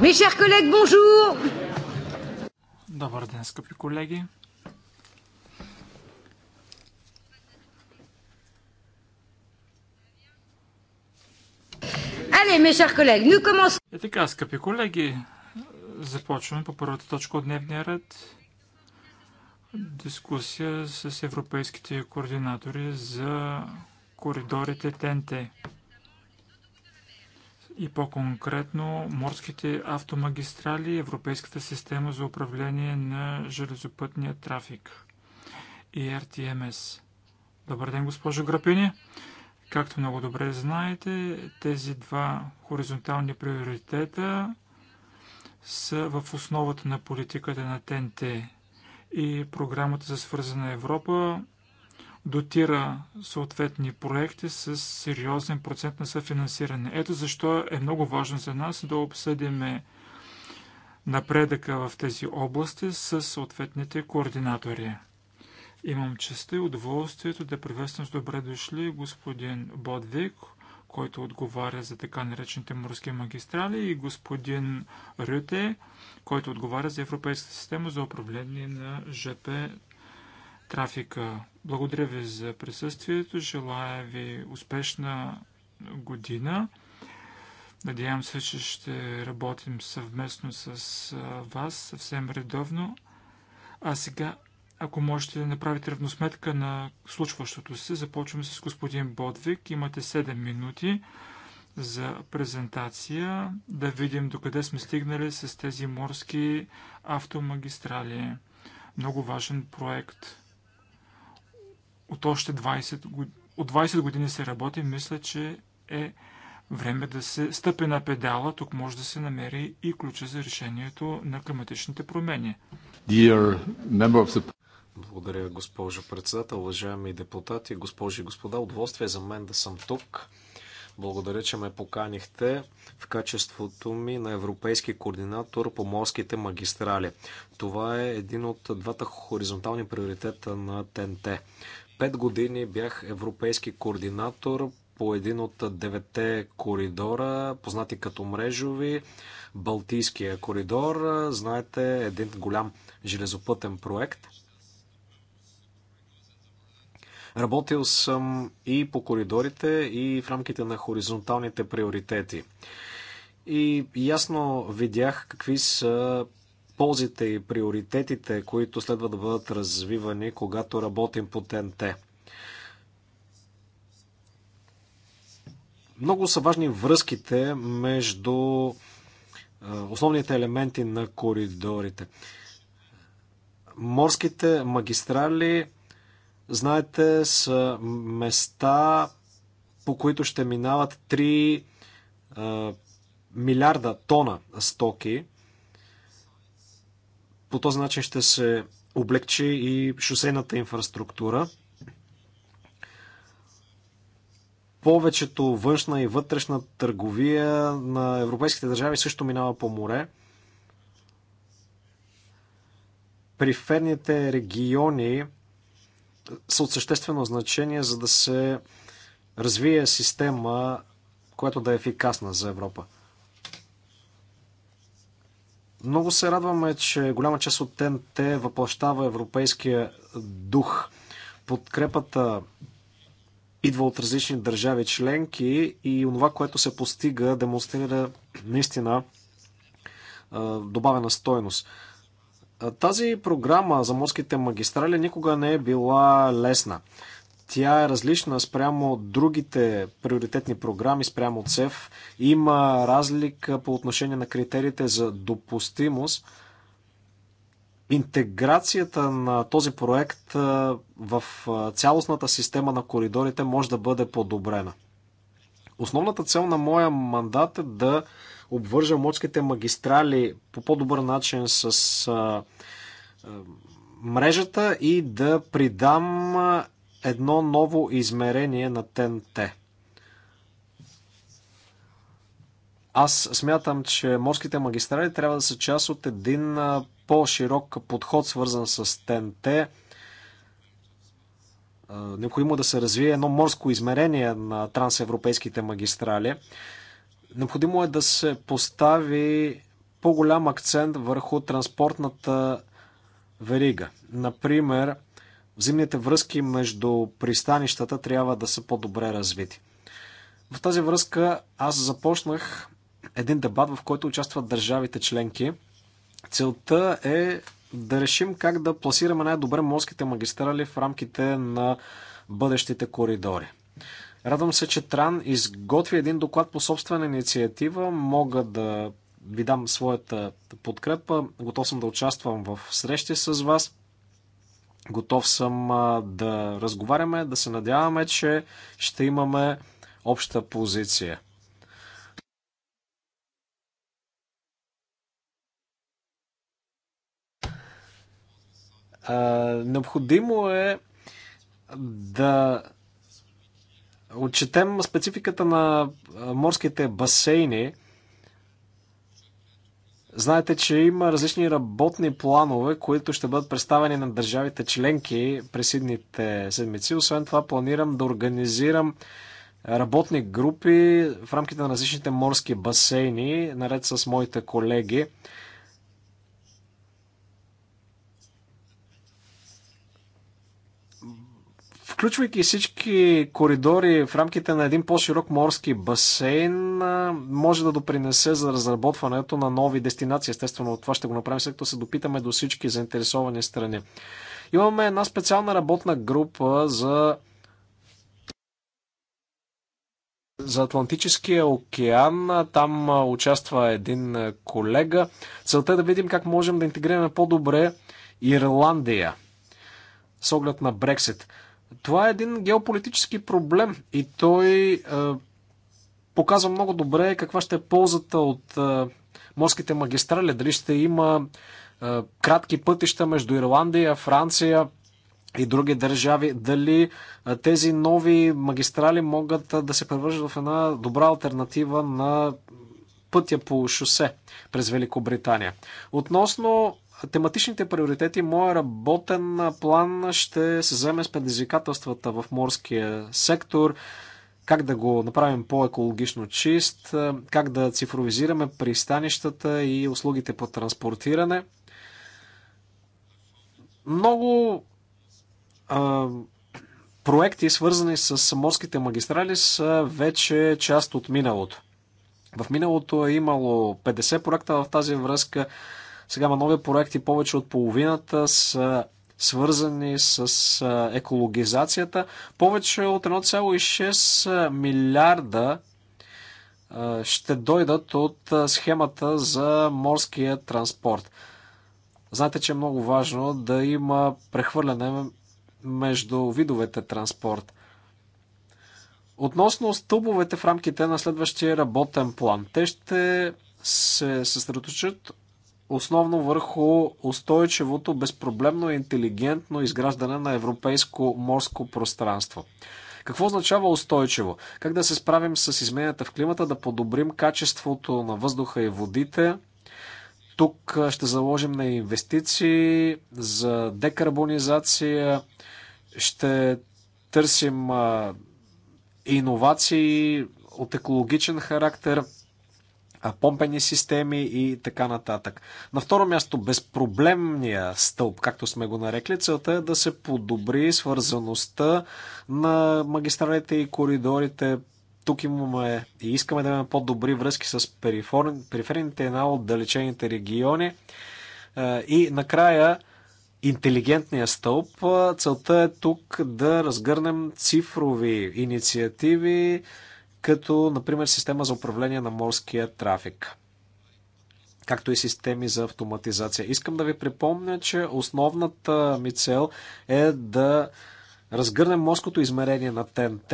Ми, шер колег, бонжур! Добър ден, скъпи колеги! Але, ми, шер колег, nous комос... И така, скъпи колеги, започваме по първата точка от дневния ред. Дискусия с европейските координатори за коридорите ТНТ и по-конкретно морските автомагистрали и Европейската система за управление на железопътния трафик и РТМС. Добър ден, госпожо Грапини! Както много добре знаете, тези два хоризонтални приоритета са в основата на политиката на ТНТ и програмата за свързана Европа дотира съответни проекти с сериозен процент на съфинансиране. Ето защо е много важно за нас да обсъдим напредъка в тези области с съответните координатори. Имам честа и удоволствието да приветствам с добре дошли господин Бодвик, който отговаря за така наречените морски магистрали, и господин Рюте, който отговаря за Европейската система за управление на ЖП трафика. Благодаря ви за присъствието. Желая ви успешна година. Надявам се, че ще работим съвместно с вас съвсем редовно. А сега, ако можете да направите равносметка на случващото се, започваме с господин Бодвик. Имате 7 минути за презентация, да видим докъде сме стигнали с тези морски автомагистрали. Много важен проект от още 20 години. От 20 години се работи, мисля, че е време да се стъпи на педала. Тук може да се намери и ключа за решението на климатичните промени. Благодаря, госпожо председател, уважаеми депутати, госпожи и господа. Удоволствие за мен да съм тук. Благодаря, че ме поканихте в качеството ми на европейски координатор по морските магистрали. Това е един от двата хоризонтални приоритета на ТНТ. Пет години бях европейски координатор по един от девете коридора, познати като мрежови. Балтийския коридор, знаете, един голям железопътен проект. Работил съм и по коридорите, и в рамките на хоризонталните приоритети. И ясно видях какви са ползите и приоритетите, които следва да бъдат развивани, когато работим по ТНТ. Много са важни връзките между основните елементи на коридорите. Морските магистрали, знаете, са места, по които ще минават 3 милиарда тона стоки по този начин ще се облегчи и шосейната инфраструктура. Повечето външна и вътрешна търговия на европейските държави също минава по море. Приферните региони са от съществено значение, за да се развие система, която да е ефикасна за Европа. Много се радваме, че голяма част от ТНТ въплащава европейския дух. Подкрепата идва от различни държави членки и това, което се постига, демонстрира наистина добавена стойност. Тази програма за морските магистрали никога не е била лесна. Тя е различна спрямо от другите приоритетни програми, спрямо от СЕФ. Има разлика по отношение на критериите за допустимост. Интеграцията на този проект в цялостната система на коридорите може да бъде подобрена. Основната цел на моя мандат е да обвържа морските магистрали по по-добър начин с мрежата и да придам едно ново измерение на ТНТ. Аз смятам, че морските магистрали трябва да са част от един по-широк подход, свързан с ТНТ. Необходимо да се развие едно морско измерение на трансевропейските магистрали. Необходимо е да се постави по-голям акцент върху транспортната верига. Например, Взаимните връзки между пристанищата трябва да са по-добре развити. В тази връзка аз започнах един дебат, в който участват държавите членки. Целта е да решим как да пласираме най-добре морските магистрали в рамките на бъдещите коридори. Радвам се, че Тран изготви един доклад по собствена инициатива. Мога да ви дам своята подкрепа. Готов съм да участвам в срещи с вас. Готов съм да разговаряме, да се надяваме, че ще имаме обща позиция. Необходимо е да отчетем спецификата на морските басейни. Знаете, че има различни работни планове, които ще бъдат представени на държавите членки през идните седмици. Освен това, планирам да организирам работни групи в рамките на различните морски басейни, наред с моите колеги. Включвайки всички коридори в рамките на един по-широк морски басейн, може да допринесе за разработването на нови дестинации. Естествено, това ще го направим, след като се допитаме до всички заинтересовани страни. Имаме една специална работна група за за Атлантическия океан. Там участва един колега. Целта е да видим как можем да интегрираме по-добре Ирландия с оглед на Брексит. Това е един геополитически проблем и той е, показва много добре каква ще е ползата от е, морските магистрали. Дали ще има е, кратки пътища между Ирландия, Франция и други държави. Дали е, тези нови магистрали могат е, да се превържат в една добра альтернатива на пътя по шосе през Великобритания. Относно тематичните приоритети, моя работен план ще се вземе с предизвикателствата в морския сектор, как да го направим по-екологично чист, как да цифровизираме пристанищата и услугите по транспортиране. Много а, проекти, свързани с морските магистрали, са вече част от миналото. В миналото е имало 50 проекта в тази връзка. Сега има нови проекти, повече от половината са свързани с екологизацията. Повече от 1,6 милиарда ще дойдат от схемата за морския транспорт. Знаете, че е много важно да има прехвърляне между видовете транспорт. Относно стълбовете в рамките на следващия работен план, те ще се съсредоточат основно върху устойчивото, безпроблемно и интелигентно изграждане на европейско морско пространство. Какво означава устойчиво? Как да се справим с измененията в климата, да подобрим качеството на въздуха и водите? Тук ще заложим на инвестиции за декарбонизация, ще търсим иновации от екологичен характер – помпени системи и така нататък. На второ място, безпроблемния стълб, както сме го нарекли, целта е да се подобри свързаността на магистралите и коридорите. Тук имаме и искаме да имаме по-добри връзки с периферните една отдалечените региони. И накрая, интелигентния стълб. Целта е тук да разгърнем цифрови инициативи, като например система за управление на морския трафик както и системи за автоматизация. Искам да ви припомня, че основната ми цел е да разгърнем морското измерение на ТНТ.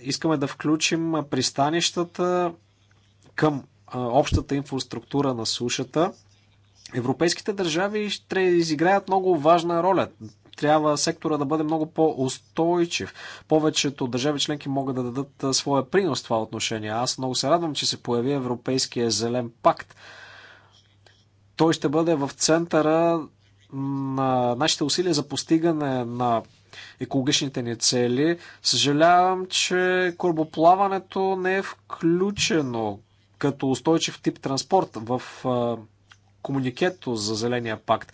Искаме да включим пристанищата към общата инфраструктура на сушата. Европейските държави ще изиграят много важна роля трябва сектора да бъде много по-устойчив. Повечето държави членки могат да дадат своя принос в това отношение. Аз много се радвам, че се появи Европейския зелен пакт. Той ще бъде в центъра на нашите усилия за постигане на екологичните ни цели. Съжалявам, че корабоплаването не е включено като устойчив тип транспорт в комуникето за Зеления пакт.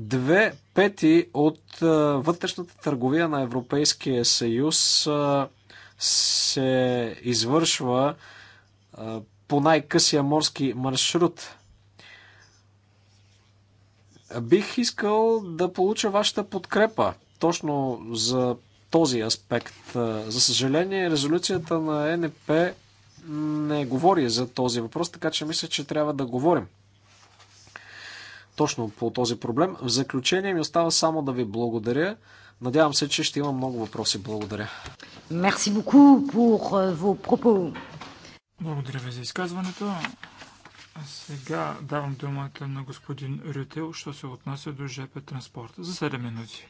Две пети от вътрешната търговия на Европейския съюз се извършва по най-късия морски маршрут. Бих искал да получа вашата подкрепа точно за този аспект. За съжаление, резолюцията на НП не говори за този въпрос, така че мисля, че трябва да говорим точно по този проблем. В заключение ми остава само да ви благодаря. Надявам се, че ще има много въпроси. Благодаря. Merci beaucoup pour euh, vos propos. Благодаря ви за изказването. А сега давам думата на господин Рютел, що се отнася до ЖП транспорта за 7 минути.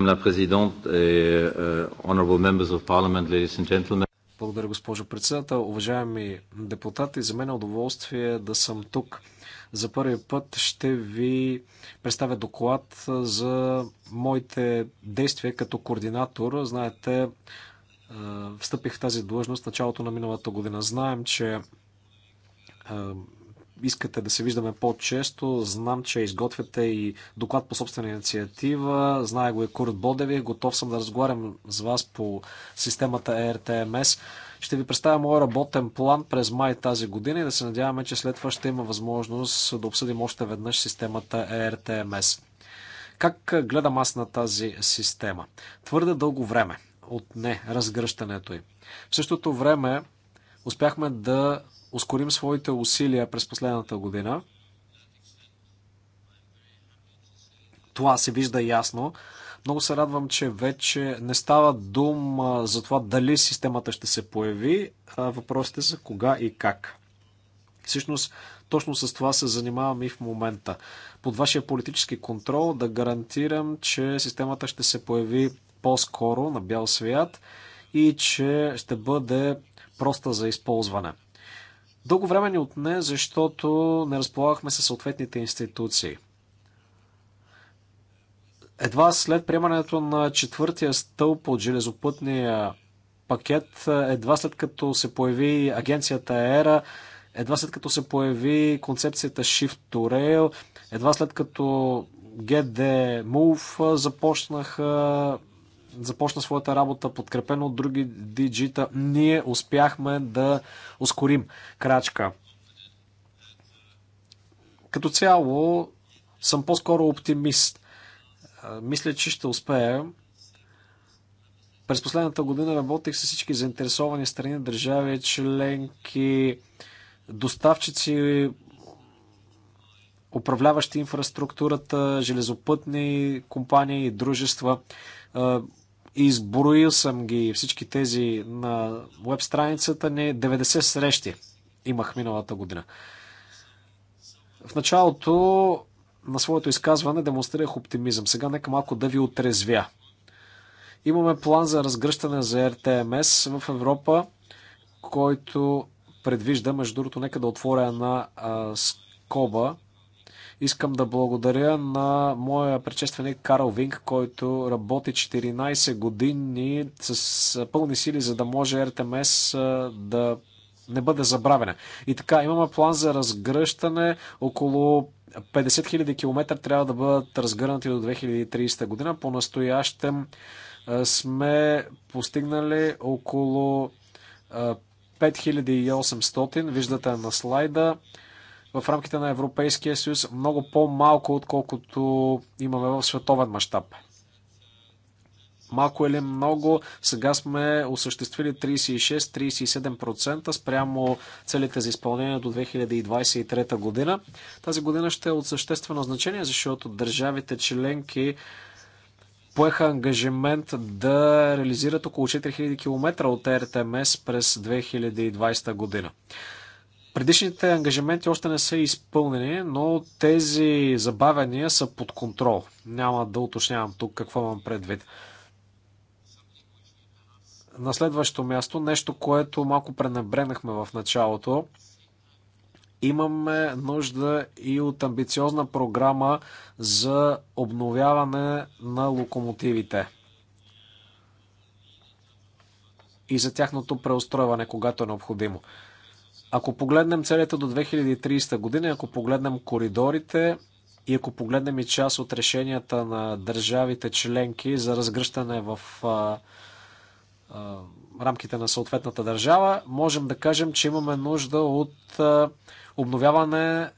Euh, благодаря, госпожо председател. Уважаеми депутати, за мен е удоволствие да съм тук. За първи път ще ви представя доклад за моите действия като координатор. Знаете, встъпих в тази длъжност в началото на миналата година. Знаем, че искате да се виждаме по-често. Знам, че изготвяте и доклад по собствена инициатива. Знае го и Курт Бодеви. Готов съм да разговарям с вас по системата ERTMS. Е ще ви представя моят работен план през май тази година и да се надяваме, че след това ще има възможност да обсъдим още веднъж системата ERTMS. Е как гледам аз на тази система? Твърде дълго време от не разгръщането й. В същото време успяхме да ускорим своите усилия през последната година. Това се вижда ясно. Много се радвам, че вече не става дума за това дали системата ще се появи, а въпросите са кога и как. Всъщност, точно с това се занимавам и в момента. Под вашия политически контрол да гарантирам, че системата ще се появи по-скоро на бял свят и че ще бъде проста за използване. Дълго време ни отне, защото не разполагахме със съответните институции. Едва след приемането на четвъртия стълб от железопътния пакет, едва след като се появи агенцията ЕРА, едва след като се появи концепцията Shift to Rail, едва след като GD Move започнаха започна своята работа, подкрепено от други диджита, ние успяхме да ускорим крачка. Като цяло съм по-скоро оптимист. Мисля, че ще успея. През последната година работих с всички заинтересовани страни, държави, членки, доставчици, управляващи инфраструктурата, железопътни компании и дружества. Изброил съм ги всички тези на веб страницата ни. 90 срещи имах миналата година. В началото на своето изказване демонстрирах оптимизъм. Сега нека малко да ви отрезвя. Имаме план за разгръщане за РТМС в Европа, който предвижда, между другото, нека да отворя една а, скоба. Искам да благодаря на моя предшественик Карл Винг, който работи 14 години с пълни сили, за да може РТМС да не бъде забравена. И така, имаме план за разгръщане. Около 50 000 км трябва да бъдат разгърнати до 2030 година. По-настоящем сме постигнали около 5800. Виждате на слайда в рамките на Европейския съюз много по-малко, отколкото имаме в световен мащаб. Малко или много, сега сме осъществили 36-37% спрямо целите за изпълнение до 2023 година. Тази година ще е от съществено значение, защото държавите членки поеха ангажимент да реализират около 4000 км от РТМС през 2020 година. Предишните ангажименти още не са изпълнени, но тези забавяния са под контрол. Няма да уточнявам тук какво имам предвид. На следващо място, нещо, което малко пренебрегнахме в началото, имаме нужда и от амбициозна програма за обновяване на локомотивите и за тяхното преустройване, когато е необходимо. Ако погледнем целите до 2030 година, ако погледнем коридорите и ако погледнем и част от решенията на държавите членки за разгръщане в а, а, рамките на съответната държава, можем да кажем, че имаме нужда от а, обновяване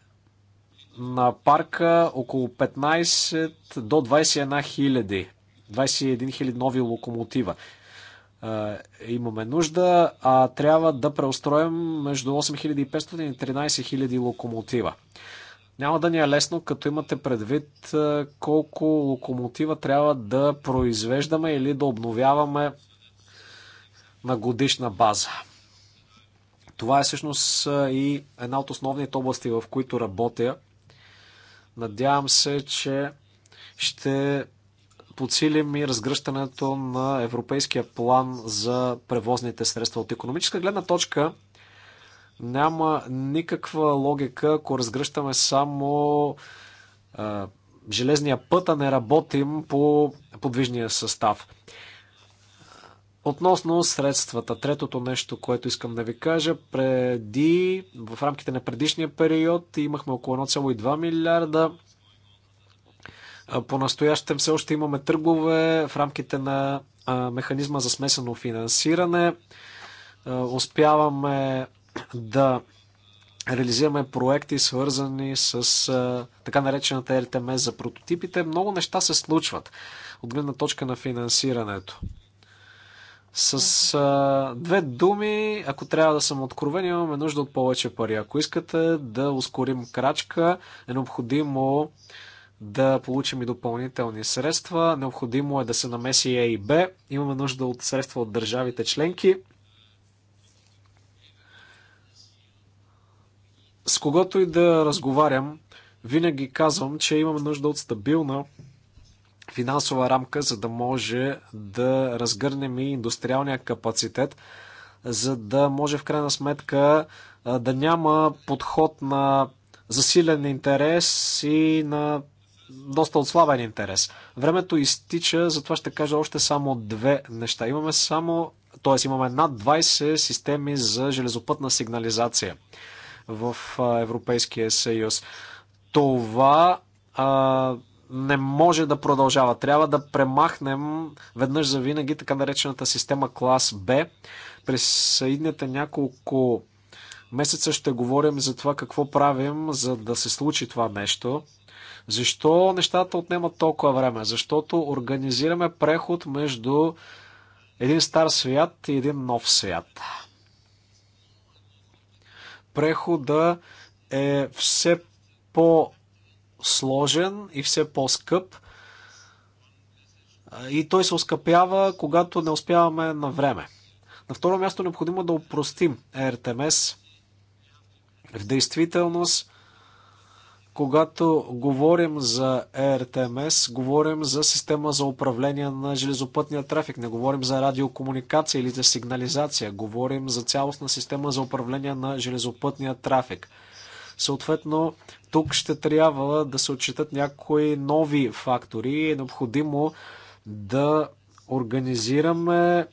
на парка около 15 до 21 хиляди. 21 хиляди нови локомотива. Е, имаме нужда, а трябва да преустроим между 8500 и 13 000 локомотива. Няма да ни е лесно, като имате предвид е, колко локомотива трябва да произвеждаме или да обновяваме на годишна база. Това е всъщност е, и една от основните области, в които работя. Надявам се, че ще подсилим и разгръщането на европейския план за превозните средства. От економическа гледна точка няма никаква логика, ако разгръщаме само е, железния път, а не работим по подвижния състав. Относно средствата, третото нещо, което искам да ви кажа, преди, в рамките на предишния период имахме около 1,2 милиарда по-настоящем все още имаме търгове в рамките на механизма за смесено финансиране. Успяваме да реализираме проекти, свързани с така наречената РТМС за прототипите. Много неща се случват от гледна точка на финансирането. С а, две думи, ако трябва да съм откровен, имаме нужда от повече пари. Ако искате да ускорим крачка, е необходимо да получим и допълнителни средства. Необходимо е да се намеси А и Б. Имаме нужда от средства от държавите членки. С когото и да разговарям, винаги казвам, че имаме нужда от стабилна финансова рамка, за да може да разгърнем и индустриалния капацитет, за да може в крайна сметка да няма подход на засилен интерес и на доста отслабен интерес. Времето изтича, затова ще кажа още само две неща. Имаме само, т.е. имаме над 20 системи за железопътна сигнализация в Европейския съюз. Това а, не може да продължава. Трябва да премахнем веднъж за винаги така наречената система клас Б. През идните няколко месеца ще говорим за това какво правим, за да се случи това нещо. Защо нещата отнемат толкова време? Защото организираме преход между един стар свят и един нов свят. Прехода е все по-сложен и все по-скъп. И той се оскъпява, когато не успяваме на време. На второ място е необходимо да упростим РТМС. В действителност когато говорим за ERTMS, е говорим за система за управление на железопътния трафик, не говорим за радиокомуникация или за сигнализация, говорим за цялостна система за управление на железопътния трафик. Съответно, тук ще трябва да се отчитат някои нови фактори и е необходимо да организираме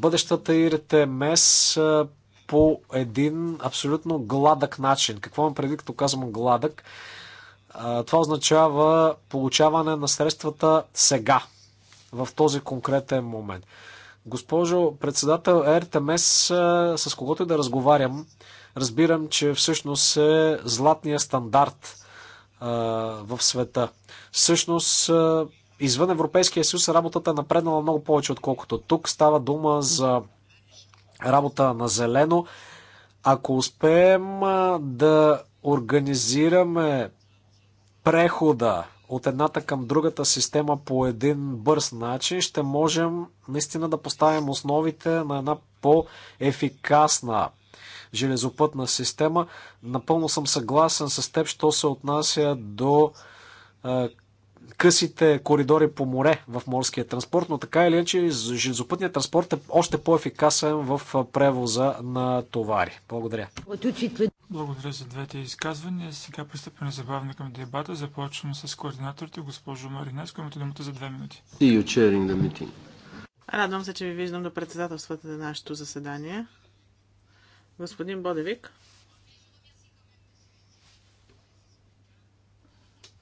бъдещата ИРТМС е по един абсолютно гладък начин. Какво имам предвид, като казвам гладък? Това означава получаване на средствата сега, в този конкретен момент. Госпожо председател РТМС, с когото и да разговарям, разбирам, че всъщност е златния стандарт в света. Всъщност, извън Европейския съюз работата е напреднала много повече, отколкото тук. Става дума за работа на зелено. Ако успеем да организираме прехода от едната към другата система по един бърз начин, ще можем наистина да поставим основите на една по-ефикасна железопътна система. Напълно съм съгласен с теб, що се отнася до късите коридори по море в морския транспорт, но така или иначе железопътният транспорт е още по-ефикасен в превоза на товари. Благодаря. Благодаря за двете изказвания. Сега пристъпваме забавно към дебата. Започвам с координаторите, госпожо Маринеско. Имате думата за две минути. Радвам се, че ви виждам да председателствате на нашето заседание. Господин Бодевик.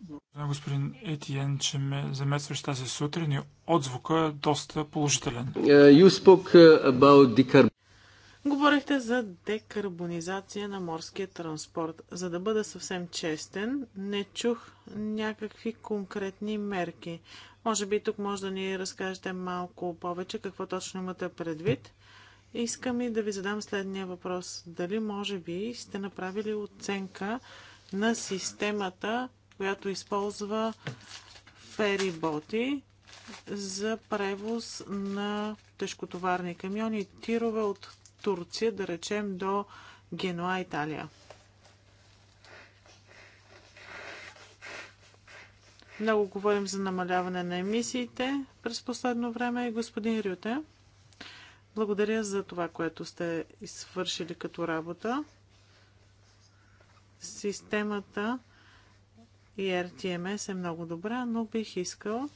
Благодаря, господин Етиен, че ме заместваш тази сутрин и отзвука е доста положителен. Uh, Говорихте за декарбонизация на морския транспорт. За да бъда съвсем честен, не чух някакви конкретни мерки. Може би тук може да ни разкажете малко повече какво точно имате предвид. Искам и да ви задам следния въпрос. Дали може би сте направили оценка на системата която използва фериботи за превоз на тежкотоварни камиони, тирове от Турция, да речем, до Генуа, Италия. Много говорим за намаляване на емисиите през последно време. Господин Рюте, благодаря за това, което сте свършили като работа. Системата и RTMS е много добра, но бих искал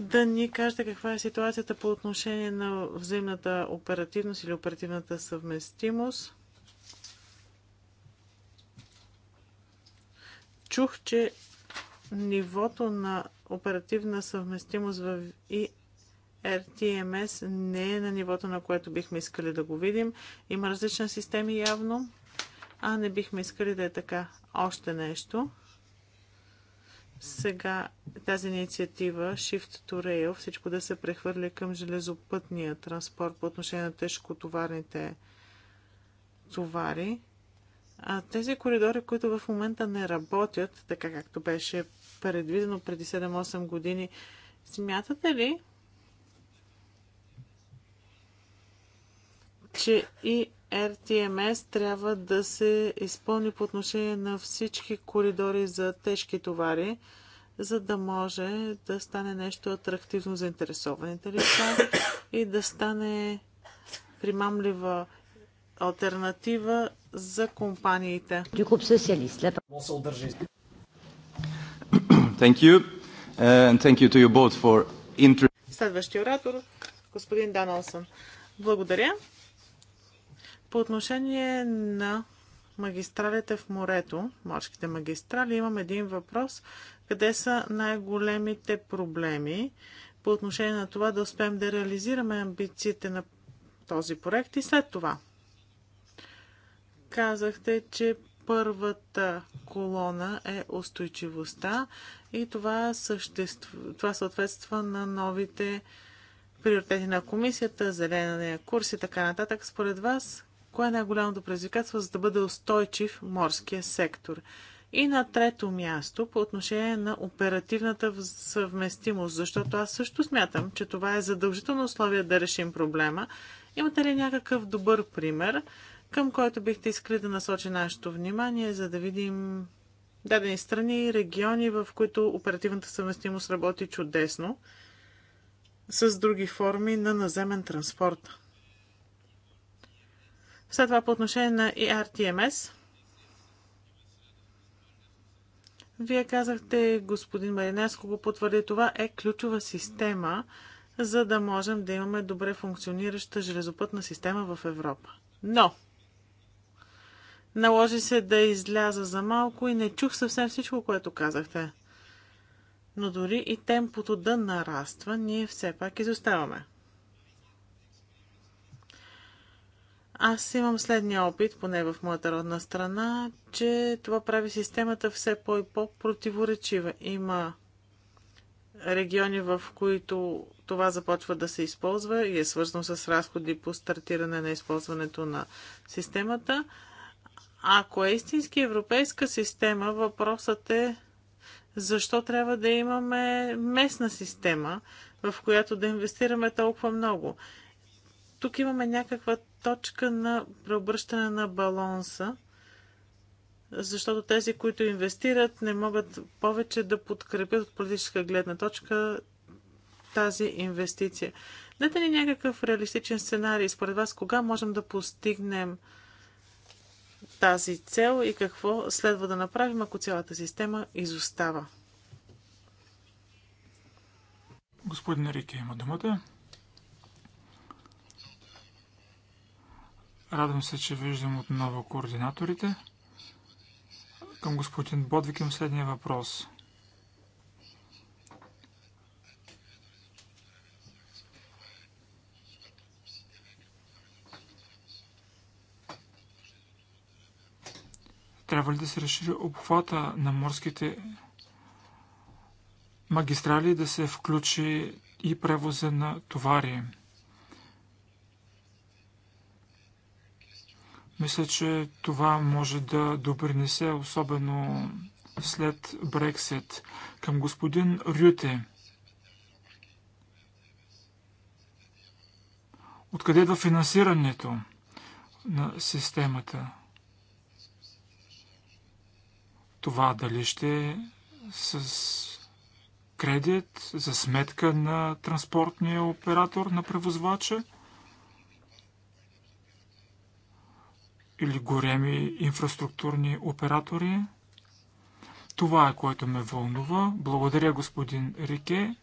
да ни кажете каква е ситуацията по отношение на взаимната оперативност или оперативната съвместимост. Чух, че нивото на оперативна съвместимост в и RTMS не е на нивото, на което бихме искали да го видим. Има различни системи явно а не бихме искали да е така. Още нещо. Сега тази инициатива Shift to Rail, всичко да се прехвърли към железопътния транспорт по отношение на тежкотоварните товари. А тези коридори, които в момента не работят, така както беше предвидено преди 7-8 години, смятате ли, че и RTMS трябва да се изпълни по отношение на всички коридори за тежки товари, за да може да стане нещо атрактивно за интересованите лица и да стане примамлива альтернатива за компаниите. Thank you. Uh, and thank you to you both for Следващия оратор, господин Даналсън. Благодаря. По отношение на магистралите в морето, морските магистрали, имам един въпрос. Къде са най-големите проблеми по отношение на това да успеем да реализираме амбициите на този проект и след това? Казахте, че първата колона е устойчивостта и това, съществ... това съответства на новите приоритети на комисията, зеления курс и така нататък. Според вас, Кое е най-голямото предизвикателство, за да бъде устойчив морския сектор? И на трето място, по отношение на оперативната съвместимост, защото аз също смятам, че това е задължително условие да решим проблема. Имате ли някакъв добър пример, към който бихте искали да насочи нашето внимание, за да видим дадени страни и региони, в които оперативната съвместимост работи чудесно с други форми на наземен транспорт? След това по отношение на ERTMS. Вие казахте, господин Маринеско го потвърди, това е ключова система, за да можем да имаме добре функционираща железопътна система в Европа. Но! Наложи се да изляза за малко и не чух съвсем всичко, което казахте. Но дори и темпото да нараства, ние все пак изоставаме. Аз имам следния опит, поне в моята родна страна, че това прави системата все по- и по-противоречива. Има региони, в които това започва да се използва и е свързано с разходи по стартиране на използването на системата. Ако е истински европейска система, въпросът е защо трябва да имаме местна система, в която да инвестираме толкова много. Тук имаме някаква точка на преобръщане на баланса, защото тези, които инвестират, не могат повече да подкрепят от политическа гледна точка тази инвестиция. Дайте ни някакъв реалистичен сценарий. Според вас, кога можем да постигнем тази цел и какво следва да направим, ако цялата система изостава? Господин Рике има думата. Радвам се, че виждам отново координаторите. Към господин Бодвик им следния въпрос. Трябва ли да се разшири обхвата на морските магистрали да се включи и превоза на товари? Мисля, че това може да допринесе, особено след Брексит. Към господин Рюте. Откъде да финансирането на системата? Това дали ще е с кредит за сметка на транспортния оператор на превозвача? или големи инфраструктурни оператори. Това е което ме вълнува. Благодаря господин Рике,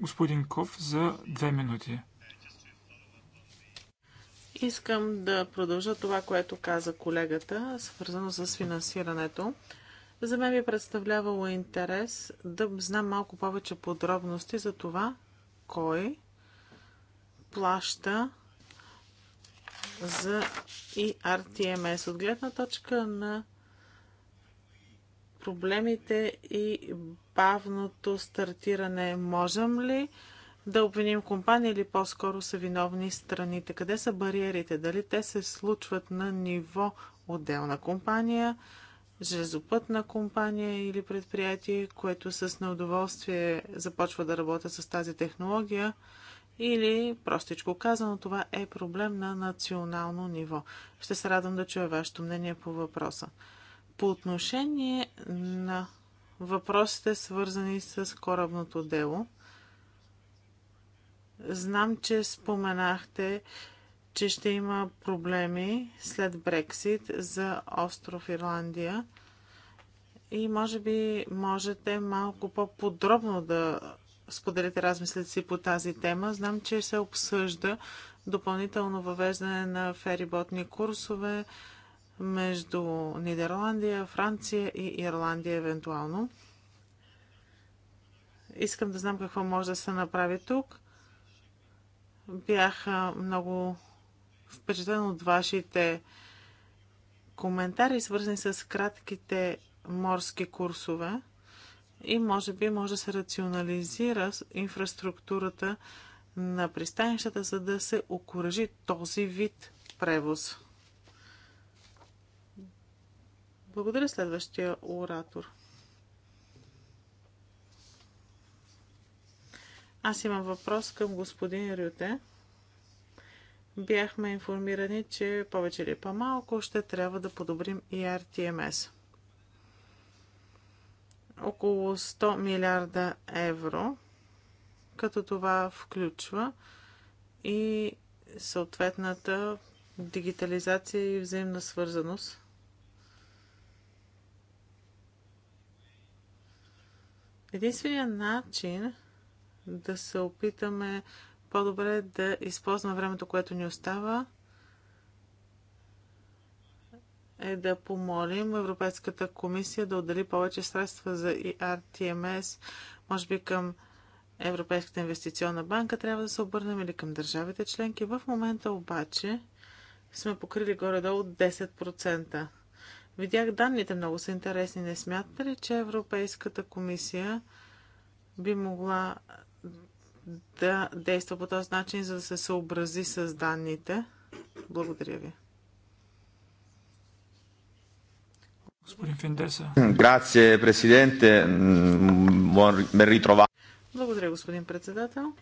господин Ков за две минути. Искам да продължа това, което каза колегата, свързано с финансирането. За мен би представлявало интерес да знам малко повече подробности за това, кой плаща за и RTMS. От гледна точка на проблемите и бавното стартиране, можем ли да обвиним компания или по-скоро са виновни страните? Къде са бариерите? Дали те се случват на ниво отделна компания, железопътна компания или предприятие, което с неудоволствие започва да работя с тази технология? Или, простичко казано, това е проблем на национално ниво. Ще се радвам да чуя вашето мнение по въпроса. По отношение на въпросите, свързани с корабното дело, знам, че споменахте, че ще има проблеми след Брексит за остров Ирландия. И може би можете малко по-подробно да споделите размислите си по тази тема. Знам, че се обсъжда допълнително въвеждане на фериботни курсове между Нидерландия, Франция и Ирландия евентуално. Искам да знам какво може да се направи тук. Бях много впечатлен от вашите коментари, свързани с кратките морски курсове и може би може да се рационализира инфраструктурата на пристанищата, за да се окоръжи този вид превоз. Благодаря следващия оратор. Аз имам въпрос към господин Рюте. Бяхме информирани, че повече или по-малко ще трябва да подобрим и RTMS около 100 милиарда евро, като това включва и съответната дигитализация и взаимна свързаност. Единственият начин да се опитаме по-добре да използваме времето, което ни остава – е да помолим Европейската комисия да отдели повече средства за ERTMS, може би към Европейската инвестиционна банка трябва да се обърнем или към държавите членки. В момента обаче сме покрили горе-долу 10%. Видях данните, много са интересни. Не смятате ли, че Европейската комисия би могла да действа по този начин, за да се съобрази с данните? Благодаря ви. Благодаря, господин председател.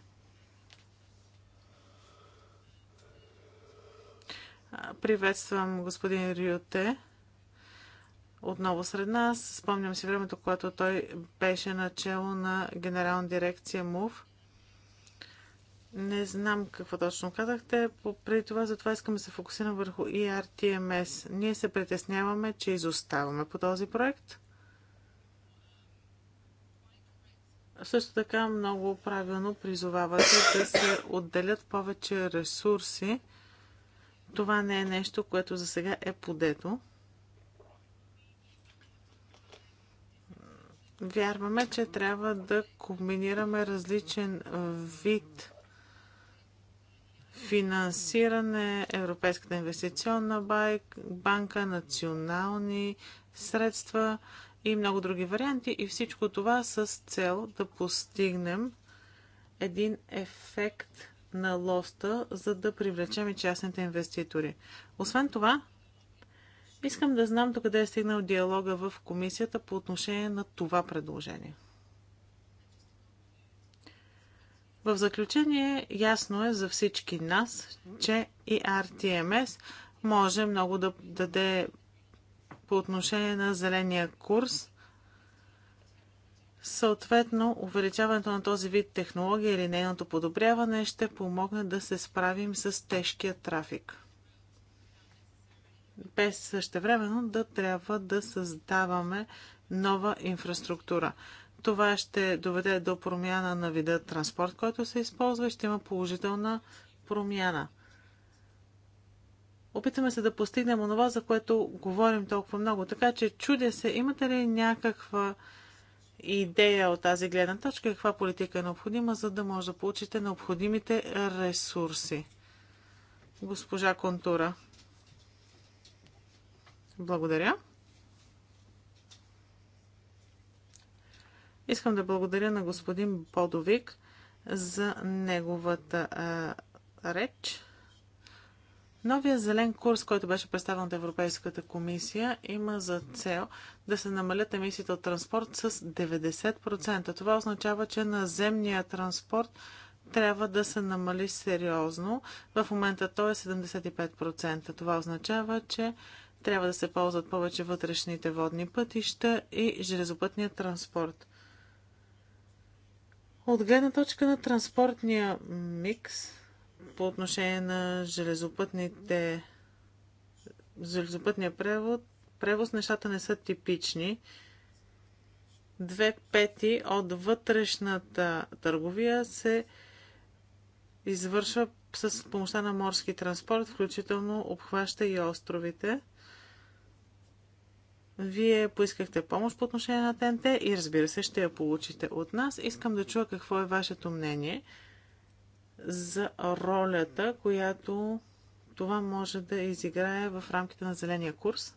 Приветствам господин Риоте отново сред нас. Спомням си времето, когато той беше начало на генерална дирекция МУВ. Не знам какво точно казахте. Преди това, затова искам да се фокусирам върху ERTMS. Ние се притесняваме, че изоставаме по този проект. Също така много правилно призовавате да се отделят повече ресурси. Това не е нещо, което за сега е подето. Вярваме, че трябва да комбинираме различен вид финансиране, Европейската инвестиционна банка, национални средства и много други варианти. И всичко това с цел да постигнем един ефект на лоста, за да привлечем и частните инвеститори. Освен това, искам да знам докъде е стигнал диалога в комисията по отношение на това предложение. В заключение, ясно е за всички нас, че и RTMS може много да даде по отношение на зеления курс. Съответно, увеличаването на този вид технология или нейното подобряване ще помогне да се справим с тежкия трафик. Без същевременно да трябва да създаваме нова инфраструктура. Това ще доведе до промяна на вида транспорт, който се използва и ще има положителна промяна. Опитаме се да постигнем онова, за което говорим толкова много. Така че чудя се, имате ли някаква идея от тази гледна точка, каква политика е необходима, за да може да получите необходимите ресурси. Госпожа Контура. Благодаря. Искам да благодаря на господин Подовик за неговата а, реч. Новия зелен курс, който беше представен от Европейската комисия, има за цел да се намалят емисиите от транспорт с 90%. Това означава, че наземния транспорт трябва да се намали сериозно. В момента той е 75%. Това означава, че трябва да се ползват повече вътрешните водни пътища и железопътният транспорт. От гледна точка на транспортния микс по отношение на железопътните железопътния превод, превоз нещата не са типични. Две пети от вътрешната търговия се извършва с помощта на морски транспорт, включително обхваща и островите. Вие поискахте помощ по отношение на ТНТ и разбира се ще я получите от нас. Искам да чуя какво е вашето мнение за ролята, която това може да изиграе в рамките на зеления курс.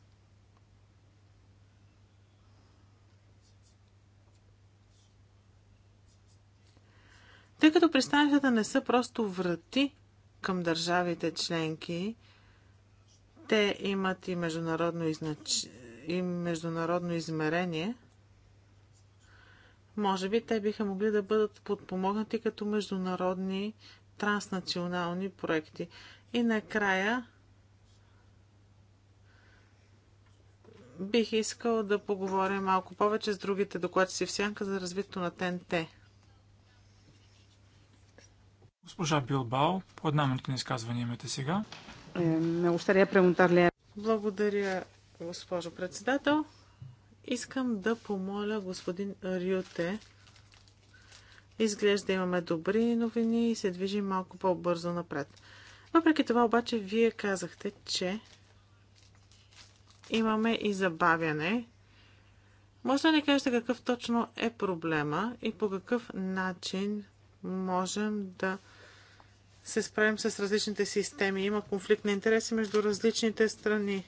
Тъй като пристанищата не са просто врати към държавите членки, те имат и международно значение и международно измерение, може би те биха могли да бъдат подпомогнати като международни транснационални проекти. И накрая бих искал да поговоря малко повече с другите докладчици в сянка за развитието на ТНТ. Госпожа Билбао, по една минута на изказване имате сега. Е, е? Благодаря госпожо председател. Искам да помоля господин Рюте. Изглежда имаме добри новини и се движим малко по-бързо напред. Въпреки това обаче вие казахте, че имаме и забавяне. Може ли да ни кажете какъв точно е проблема и по какъв начин можем да се справим с различните системи? Има конфликт на интереси между различните страни.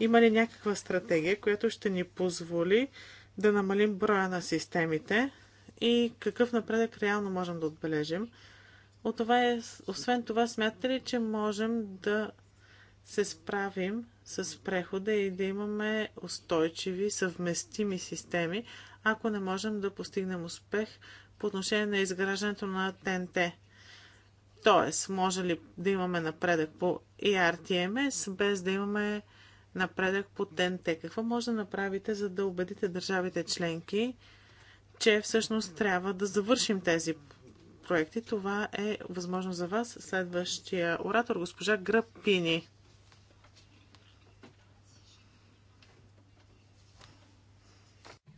Има ли някаква стратегия, която ще ни позволи да намалим броя на системите и какъв напредък реално можем да отбележим? От това е, освен това, смятате ли, че можем да се справим с прехода и да имаме устойчиви, съвместими системи, ако не можем да постигнем успех по отношение на изграждането на ТНТ? Тоест, може ли да имаме напредък по ERTMS, без да имаме напредък по ТНТ? Какво може да направите, за да убедите държавите членки, че всъщност трябва да завършим тези проекти? Това е възможно за вас. Следващия оратор, госпожа Грапини.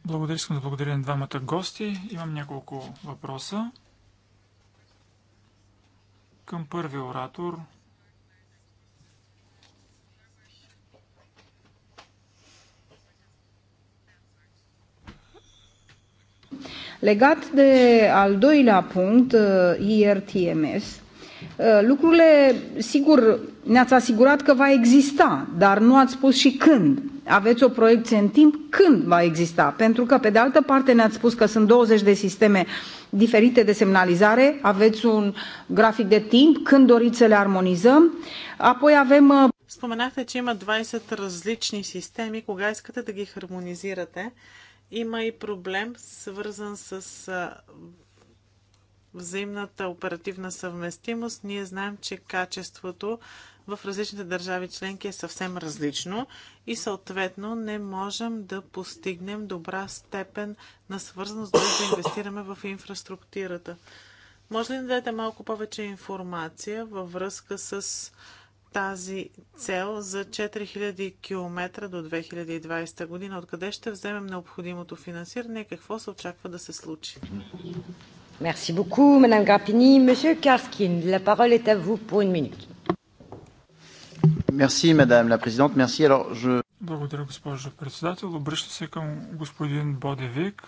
Благодаря, искам да благодаря на двамата гости. Имам няколко въпроса към първия оратор. Legat de al doilea punct, IRTMS, Lucrurile, sigur, ne-ați asigurat că va exista, dar nu ați spus și când. Aveți o proiecție în timp când va exista, pentru că, pe de altă parte, ne-ați spus că sunt 20 de sisteme diferite de semnalizare, aveți un grafic de timp, când doriți să le armonizăm, apoi avem... Споменахте, че има 20 различни системи, кога искате да ги хармонизирате. Има и проблем, свързан с взаимната оперативна съвместимост, ние знаем, че качеството в различните държави членки е съвсем различно и съответно не можем да постигнем добра степен на свързаност, без да инвестираме в инфраструктурата. Може ли да дадете малко повече информация във връзка с тази цел за 4000 км до 2020 година? Откъде ще вземем необходимото финансиране и какво се очаква да се случи? Merci beaucoup, Madame Grappini. Monsieur Karskine, la parole est à vous pour une minute. Merci, Madame la Présidente. Merci. Alors, je... Благодаря, госпожо председател. Обръща се към господин Бодевик.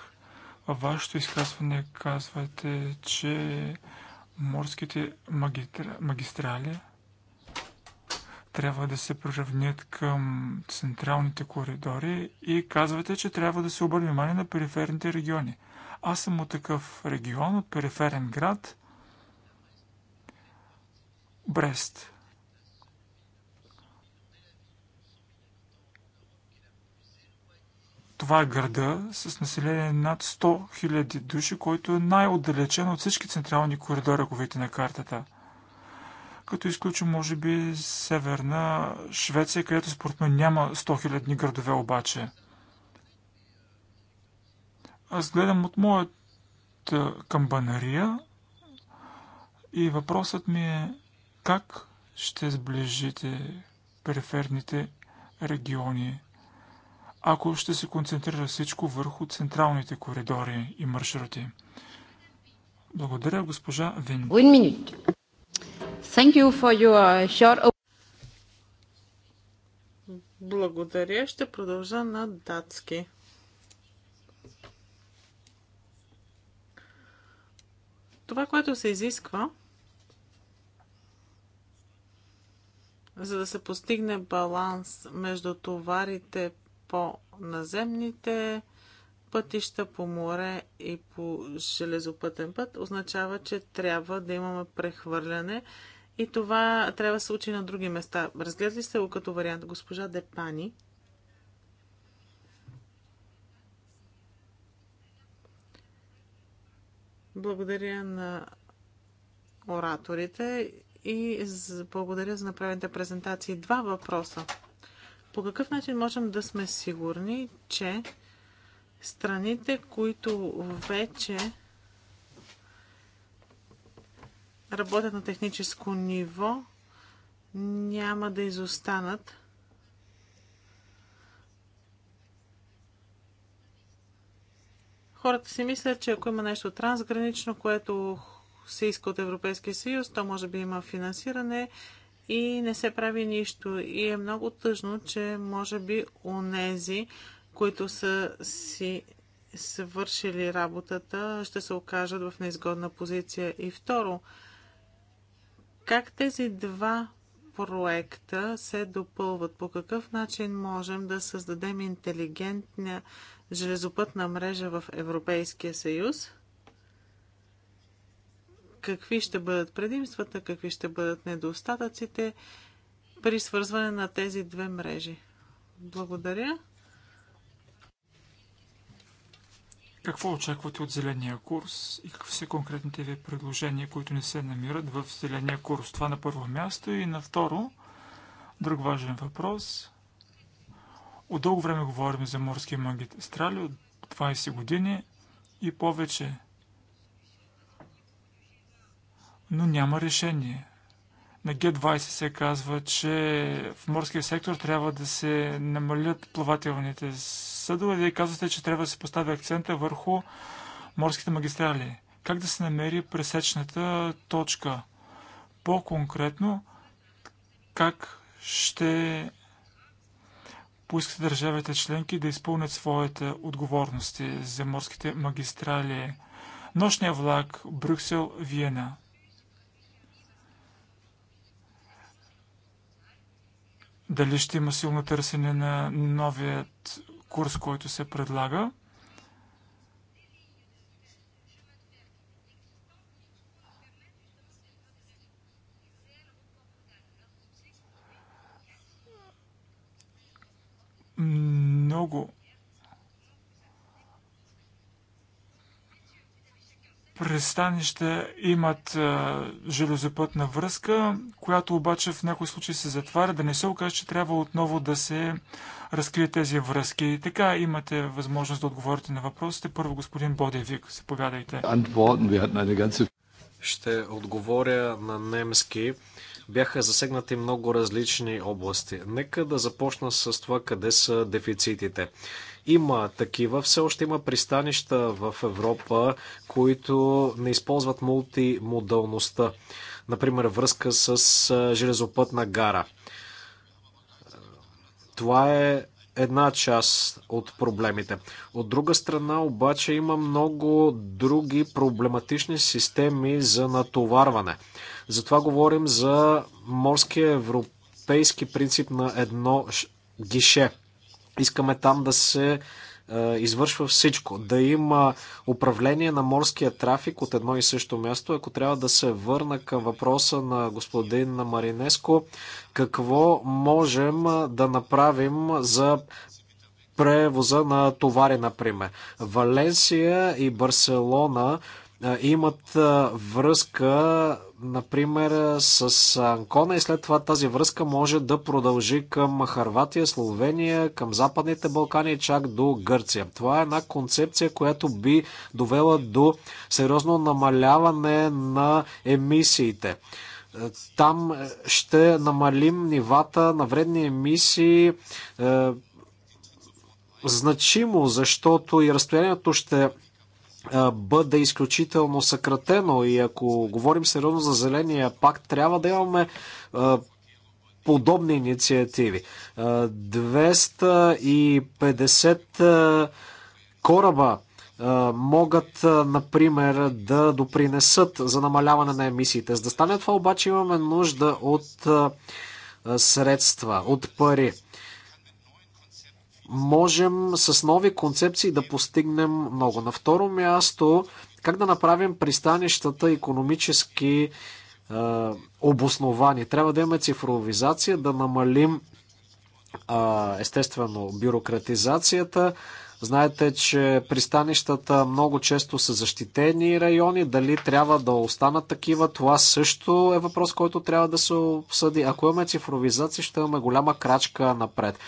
Във вашето изказване казвате, че морските магистра... магистрали трябва да се приравнят към централните коридори и казвате, че трябва да се обърне внимание на периферните региони. Аз съм от такъв регион, от периферен град, Брест. Това е града с население над 100 000 души, който е най-отдалечен от всички централни коридори, ако видите на картата като изключим, може би, Северна Швеция, където според мен няма 100 000 градове обаче. Аз гледам от моята камбанария и въпросът ми е как ще сближите периферните региони, ако ще се концентрира всичко върху централните коридори и маршрути. Благодаря, госпожа Вин. Thank you for your short... Благодаря. Ще продължа на датски. Това, което се изисква, за да се постигне баланс между товарите по наземните пътища по море и по железопътен път, означава, че трябва да имаме прехвърляне и това трябва да се учи на други места. Разгледа ли се го като вариант госпожа Депани? Благодаря на ораторите и благодаря за направените презентации. Два въпроса. По какъв начин можем да сме сигурни, че страните, които вече работят на техническо ниво, няма да изостанат. Хората си мислят, че ако има нещо трансгранично, което се иска от Европейския съюз, то може би има финансиране и не се прави нищо. И е много тъжно, че може би онези, които са си свършили работата, ще се окажат в неизгодна позиция. И второ, как тези два проекта се допълват? По какъв начин можем да създадем интелигентна железопътна мрежа в Европейския съюз? Какви ще бъдат предимствата, какви ще бъдат недостатъците при свързване на тези две мрежи? Благодаря. Какво очаквате от зеления курс и какви са конкретните ви предложения, които не се намират в зеления курс? Това на първо място и на второ, друг важен въпрос. От дълго време говорим за морски магистрали, от 20 години и повече. Но няма решение. На Г20 се казва, че в морския сектор трябва да се намалят плавателните съдове. Вие казвате, че трябва да се постави акцента върху морските магистрали. Как да се намери пресечната точка? По-конкретно, как ще поискате държавите членки да изпълнят своите отговорности за морските магистрали? Нощния влак Брюксел-Виена. Дали ще има силно търсене на новият курс, който се предлага. Много пристанища имат а, железопътна връзка, която обаче в някои случаи се затваря, да не се окаже, че трябва отново да се разкрие тези връзки. И така имате възможност да отговорите на въпросите. Първо господин Бодевик, заповядайте. Ще отговоря на немски. Бяха засегнати много различни области. Нека да започна с това къде са дефицитите. Има такива, все още има пристанища в Европа, които не използват мултимодалността. Например, връзка с железопътна гара. Това е една част от проблемите. От друга страна обаче има много други проблематични системи за натоварване. Затова говорим за морския европейски принцип на едно гише. Искаме там да се е, извършва всичко. Да има управление на морския трафик от едно и също място. Ако трябва да се върна към въпроса на господин Маринеско, какво можем е, да направим за превоза на товари, например. Валенсия и Барселона имат връзка, например, с Анкона и след това тази връзка може да продължи към Харватия, Словения, към Западните Балкани и чак до Гърция. Това е една концепция, която би довела до сериозно намаляване на емисиите. Там ще намалим нивата на вредни емисии значимо, защото и разстоянието ще бъде изключително съкратено и ако говорим сериозно за зеления пакт, трябва да имаме подобни инициативи. 250 кораба могат, например, да допринесат за намаляване на емисиите. За да стане това обаче имаме нужда от средства, от пари можем с нови концепции да постигнем много. На второ място, как да направим пристанищата економически е, обосновани. Трябва да имаме цифровизация, да намалим е, естествено бюрократизацията. Знаете, че пристанищата много често са защитени райони. Дали трябва да останат такива, това също е въпрос, който трябва да се обсъди. Ако имаме цифровизация, ще имаме голяма крачка напред.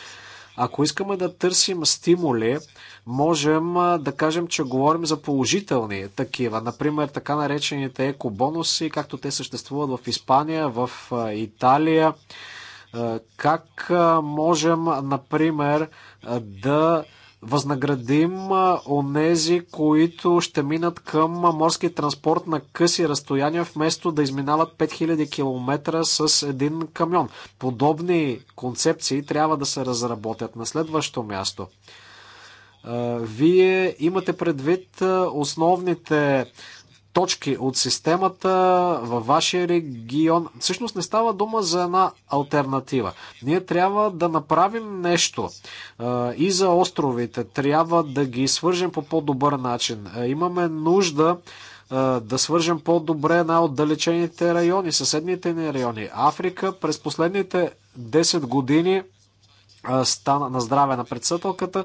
Ако искаме да търсим стимули, можем да кажем, че говорим за положителни такива. Например, така наречените екобонуси, както те съществуват в Испания, в Италия. Как можем, например, да възнаградим онези, които ще минат към морски транспорт на къси разстояния, вместо да изминават 5000 км с един камион. Подобни концепции трябва да се разработят. На следващо място. Вие имате предвид основните точки от системата във вашия регион. Всъщност не става дума за една альтернатива. Ние трябва да направим нещо и за островите. Трябва да ги свържем по по-добър начин. Имаме нужда да свържем по-добре на отдалечените райони, съседните ни райони. Африка през последните 10 години стана на здраве на председателката,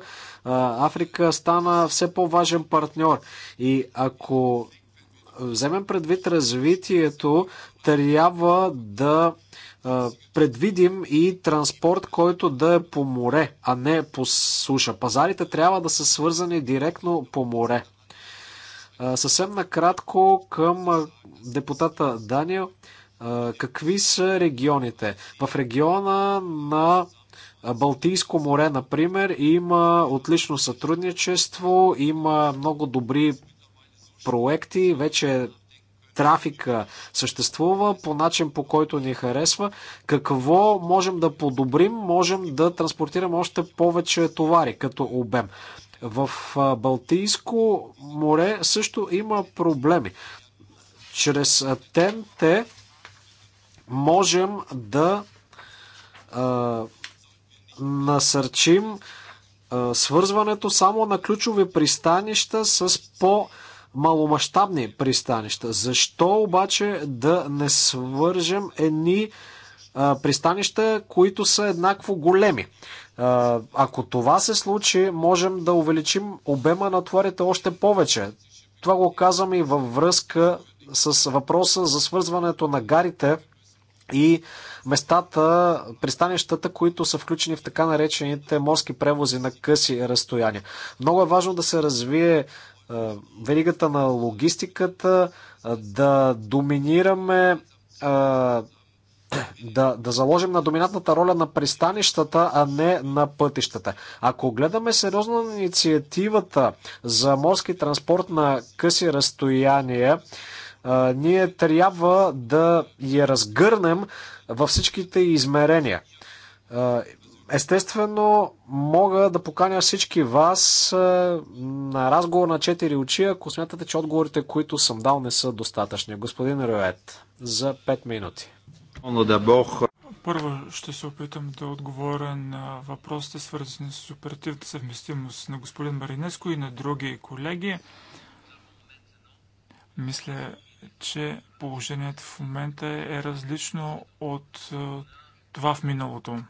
Африка стана все по-важен партньор. И ако вземем предвид развитието, трябва да предвидим и транспорт, който да е по море, а не по суша. Пазарите трябва да са свързани директно по море. Съвсем накратко към депутата Даниел. Какви са регионите? В региона на Балтийско море, например, има отлично сътрудничество, има много добри проекти, вече трафика съществува по начин по който ни харесва. Какво можем да подобрим? Можем да транспортираме още повече товари като обем. В Балтийско море също има проблеми. Чрез ТНТ можем да а, насърчим а, свързването само на ключови пристанища с по- маломащабни пристанища. Защо обаче да не свържем едни а, пристанища, които са еднакво големи? А, ако това се случи, можем да увеличим обема на тварите още повече. Това го казвам и във връзка с въпроса за свързването на гарите и местата, пристанищата, които са включени в така наречените морски превози на къси разстояния. Много е важно да се развие е, веригата на логистиката, е, да доминираме, е, да, да заложим на доминантната роля на пристанищата, а не на пътищата. Ако гледаме сериозно на инициативата за морски транспорт на къси разстояния, ние трябва да я разгърнем във всичките измерения Естествено, мога да поканя всички вас е, на разговор на четири очи, ако смятате, че отговорите, които съм дал, не са достатъчни. Господин Роет, за 5 минути. Първо ще се опитам да отговоря на въпросите, свързани с оперативната съвместимост на господин Маринеско и на други колеги. Мисля, че положението в момента е различно от е, това в миналото.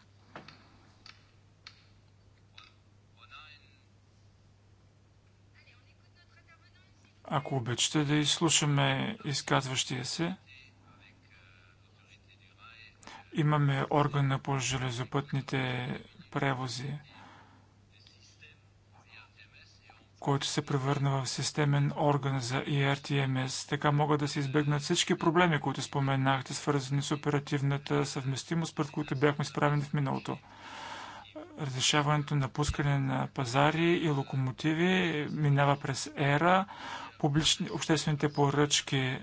Ако обичате да изслушаме изказващия се, имаме органа по железопътните превози, който се превърна в системен орган за ERTMS. Така могат да се избегнат всички проблеми, които споменахте, свързани с оперативната съвместимост, пред които бяхме изправени в миналото. Разрешаването на пускане на пазари и локомотиви минава през ера, публични, обществените поръчки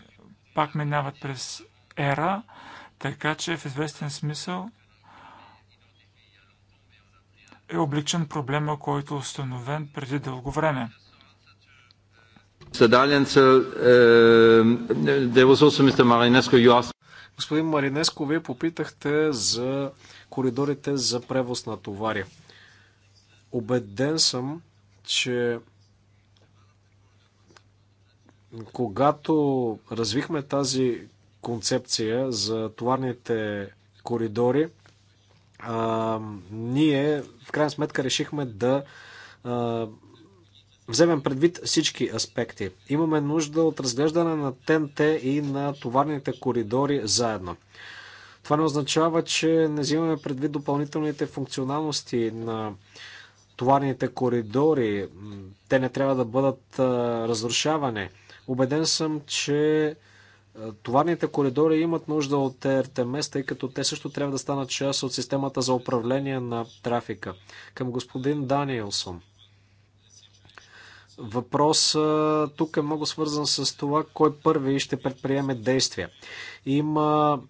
пак минават през ера, така че в известен смисъл е обличен проблема, който е установен преди дълго време. Е, Господин Маринеско, вие попитахте за коридорите за превоз на товари. Обеден съм, че когато развихме тази концепция за товарните коридори, а, ние в крайна сметка решихме да а, вземем предвид всички аспекти. Имаме нужда от разглеждане на ТНТ и на товарните коридори заедно. Това не означава, че не взимаме предвид допълнителните функционалности на товарните коридори. Те не трябва да бъдат а, разрушавани. Обеден съм, че товарните коридори имат нужда от РТМС, тъй като те също трябва да станат част от системата за управление на трафика. Към господин Даниелсон. Въпрос тук е много свързан с това, кой първи ще предприеме действия. Има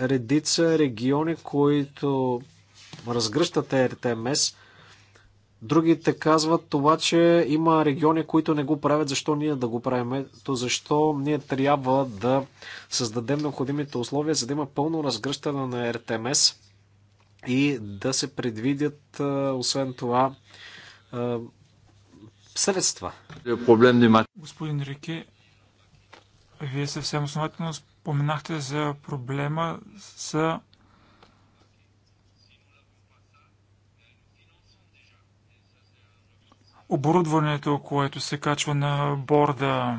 редица региони, които разгръщат РТМС. Другите казват това, че има региони, които не го правят, защо ние да го правим? То защо ние трябва да създадем необходимите условия, за да има пълно разгръщане на РТМС и да се предвидят, освен това, средства. Господин Рике, вие съвсем основателно споменахте за проблема с оборудването, което се качва на борда,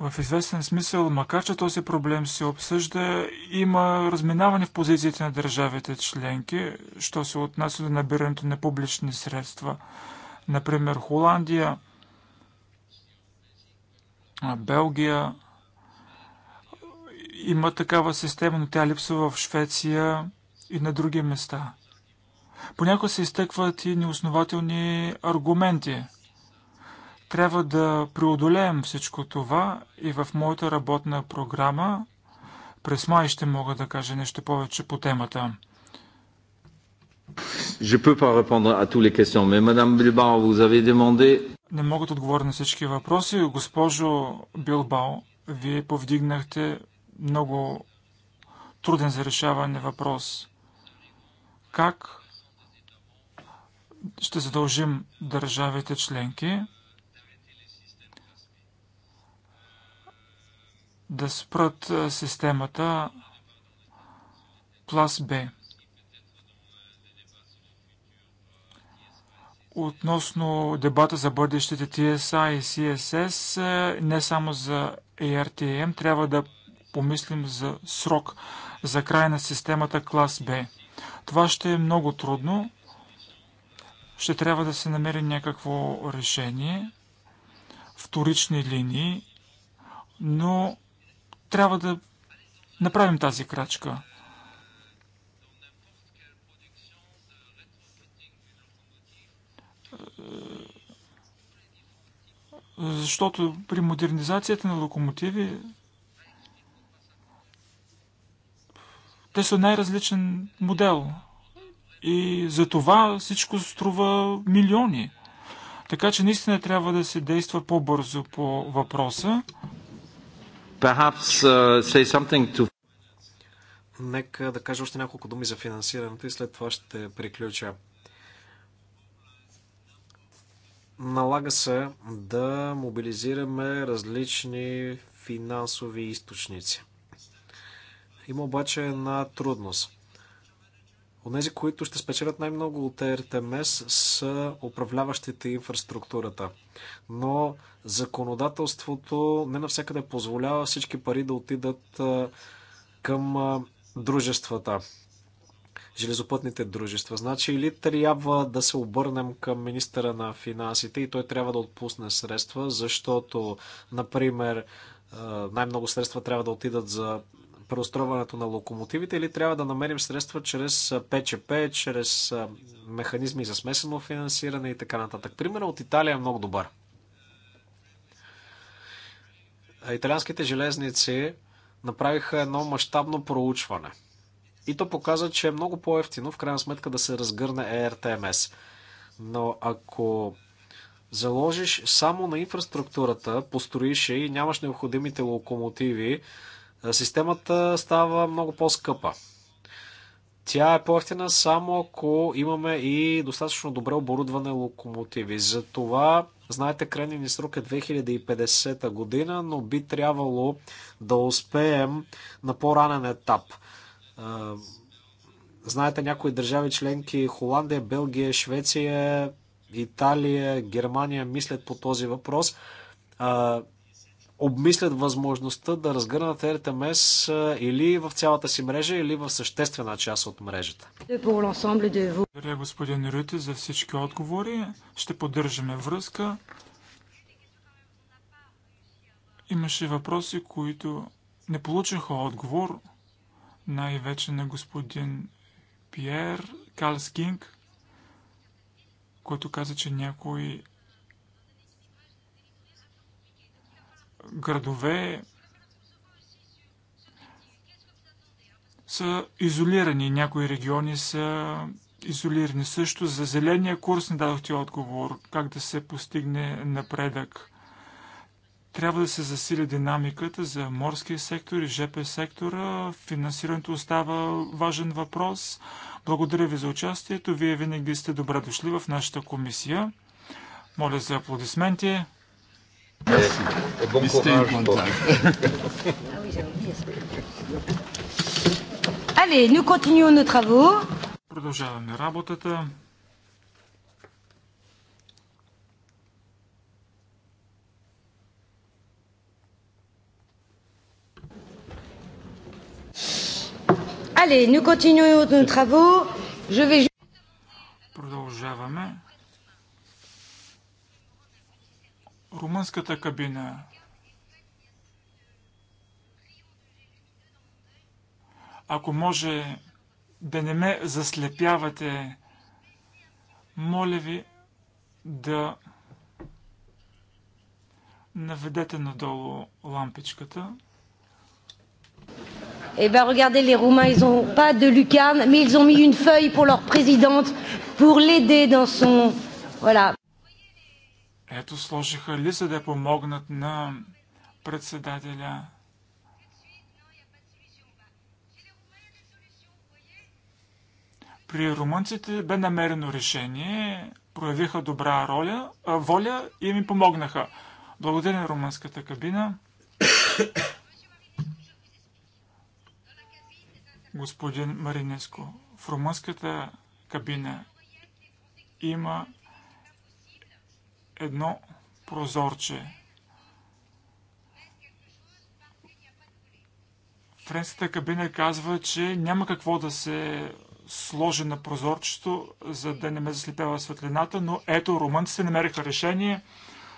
В известен смисъл, макар че този проблем се обсъжда, има разминаване в позициите на държавите членки, що се отнася до набирането на публични средства. Например, Холандия, Белгия има такава система, но тя липсва в Швеция и на други места. Понякога се изтъкват и неоснователни аргументи. Трябва да преодолеем всичко това и в моята работна програма през май ще мога да кажа нещо повече по темата. Je peux pas répondre à les questions, mais Madame Bilbao, vous avez demandé... Не мога да отговоря на всички въпроси. Госпожо Билбао, вие повдигнахте много труден за решаване въпрос как ще задължим държавите членки да спрат системата Плас Б. Относно дебата за бъдещите TSA и CSS, не само за ARTM, е трябва да помислим за срок за край на системата клас Б. Това ще е много трудно. Ще трябва да се намери някакво решение, вторични линии, но трябва да направим тази крачка. Защото при модернизацията на локомотиви Те са най-различен модел. И за това всичко струва милиони. Така че наистина трябва да се действа по-бързо по въпроса. Perhaps, uh, say something to... Нека да кажа още няколко думи за финансирането и след това ще приключа. Налага се да мобилизираме различни финансови източници. Има обаче една трудност. Онези, които ще спечелят най-много от РТМС, са управляващите инфраструктурата. Но законодателството не навсякъде позволява всички пари да отидат към дружествата, железопътните дружества. Значи или трябва да се обърнем към министъра на финансите и той трябва да отпусне средства, защото, например, най-много средства трябва да отидат за преустройването на локомотивите или трябва да намерим средства чрез ПЧП, чрез механизми за смесено финансиране и така нататък. Примерът от Италия е много добър. Италианските железници направиха едно мащабно проучване. И то показа, че е много по-ефтино в крайна сметка да се разгърне ERTMS. Е Но ако заложиш само на инфраструктурата, построиш и нямаш необходимите локомотиви, системата става много по-скъпа. Тя е по-ефтина само ако имаме и достатъчно добре оборудване локомотиви. За това, знаете, крайният ни срок е 2050 година, но би трябвало да успеем на по-ранен етап. Знаете, някои държави членки Холандия, Белгия, Швеция, Италия, Германия мислят по този въпрос обмислят възможността да разгърнат RTMS или в цялата си мрежа, или в съществена част от мрежата. Благодаря, господин Рюти, за всички отговори. Ще поддържаме връзка. Имаше въпроси, които не получиха отговор, най-вече на господин Пьер Калскинг, който каза, че някои градове са изолирани. Някои региони са изолирани. Също за зеления курс не дадохте отговор. Как да се постигне напредък? Трябва да се засили динамиката за морския сектор и ЖП сектора. Финансирането остава важен въпрос. Благодаря ви за участието. Вие винаги сте добре дошли в нашата комисия. Моля за аплодисменти. Merci. Et bon courage. Bon Allez, nous continuons nos travaux. Продължаваме работата. Allez, nous continuons nos travaux. Je vais... Продължаваме. румънската кабина. Ако може да не ме заслепявате, моля ви да наведете надолу лампичката. Eh bien, regardez, les Roumains, ils n'ont pas de lucarne, mais ils ont mis une feuille pour leur présidente pour l'aider dans son... Voilà. Ето сложиха ли за да помогнат на председателя. При румънците бе намерено решение, проявиха добра роля, а, воля и ми помогнаха. Благодаря на румънската кабина. Господин Маринеско, в румънската кабина има едно прозорче. Френската кабина казва, че няма какво да се сложи на прозорчето, за да не ме заслепява светлината, но ето румънците намериха решение,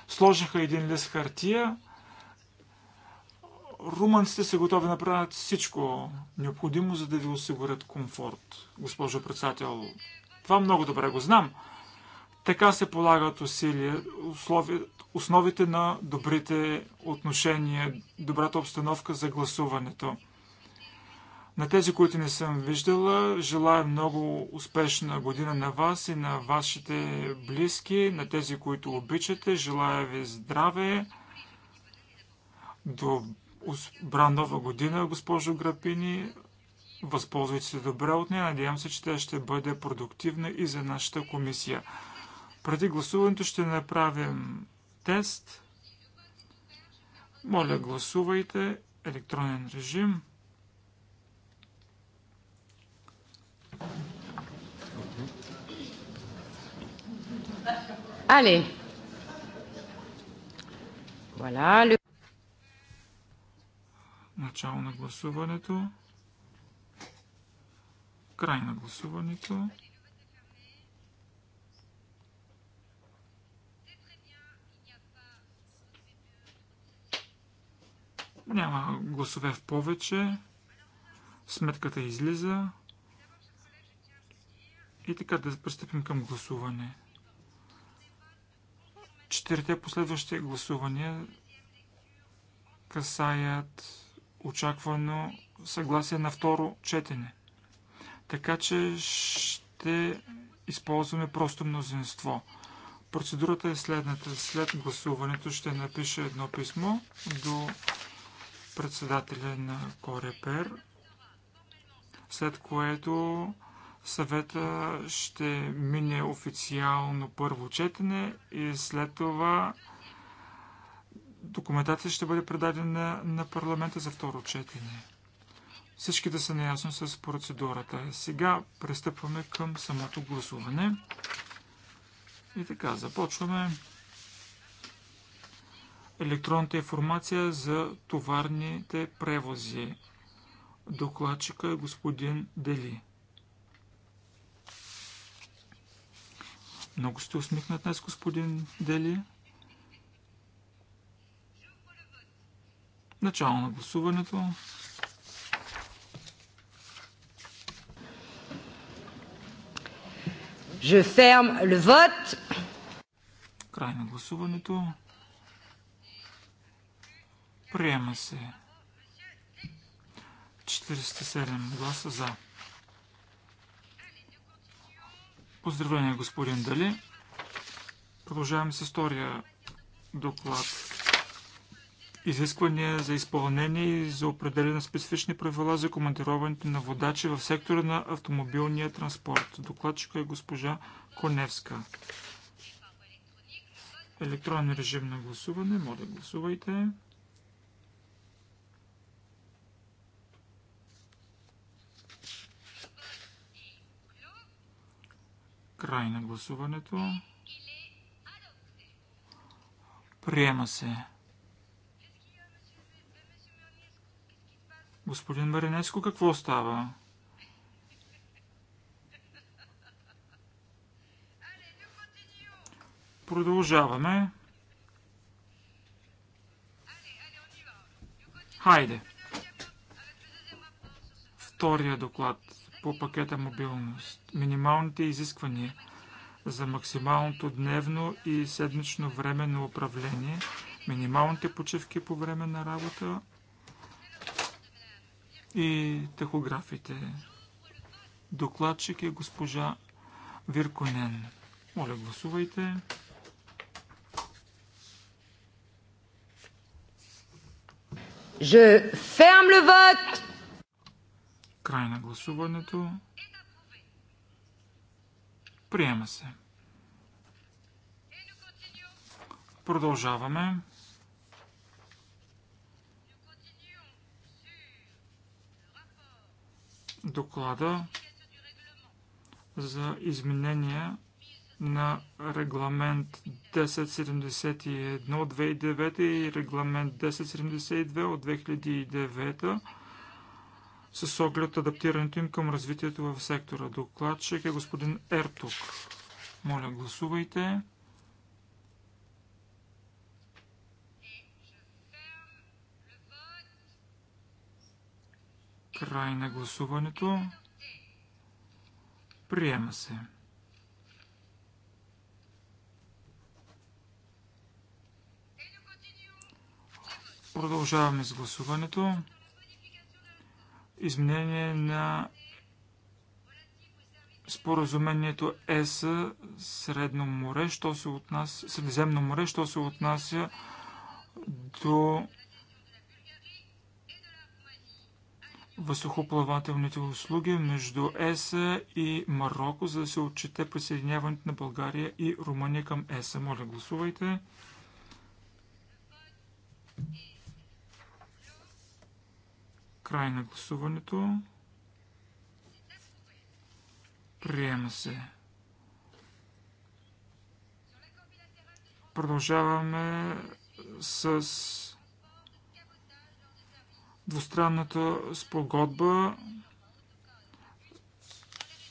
сложиха един лист хартия. Румънците са готови да направят всичко необходимо, за да ви осигурят комфорт, госпожо председател. Това много добре го знам. Така се полагат усилия, условия, основите на добрите отношения, добрата обстановка за гласуването. На тези, които не съм виждала, желая много успешна година на вас и на вашите близки, на тези, които обичате. Желая ви здраве. До нова година, госпожо Грапини. Възползвайте се добре от нея. Надявам се, че тя ще бъде продуктивна и за нашата комисия. Преди гласуването ще направим тест. Моля, гласувайте. Електронен режим. Али. Voilà. али. Начало на гласуването. Край на гласуването. Няма гласове в повече. Сметката излиза. И така да пристъпим към гласуване. Четирите последващи гласувания касаят очаквано съгласие на второ четене. Така че ще използваме просто мнозинство. Процедурата е следната. След гласуването ще напиша едно писмо до председателя на Корепер, след което съвета ще мине официално първо четене и след това документация ще бъде предадена на парламента за второ четене. Всички да са наясно с процедурата. Сега пристъпваме към самото гласуване. И така, започваме електронната информация за товарните превози. Докладчика е господин Дели. Много сте усмихнат днес, господин Дели. Начало на гласуването. Je ferme le vote. Край на гласуването. Приема се 47 гласа за. Поздравление, господин Дали. Продължаваме с втория доклад. Изисквания за изпълнение и за определене на специфични правила за командироването на водачи в сектора на автомобилния транспорт. Докладчика е госпожа Коневска. Електронен режим на гласуване. Моля, гласувайте. Гласувайте. Край на гласуването. Приема се. Господин Маринеско, какво става? Продължаваме. Хайде. Втория доклад по пакета мобилност. Минималните изисквания за максималното дневно и седмично време на управление, минималните почивки по време на работа и тахографите. Докладчик е госпожа Вирконен. Моля, гласувайте. Je ferme le vote. Край на гласуването. Приема се. Продължаваме. Доклада за изменения на регламент 1071 от 2009 и регламент 1072 от 2009 с оглед адаптирането им към развитието в сектора. Докладчик е господин Ертук. Моля, гласувайте. Край на гласуването. Приема се. Продължаваме с гласуването изменение на споразумението ЕС Средно море, що се отнася, Средиземно море, що се отнася до въздухоплавателните услуги между ЕС и Марокко, за да се отчете присъединяването на България и Румъния към ЕС. Моля, гласувайте. Край на гласуването. Приема се. Продължаваме с двустранната спогодба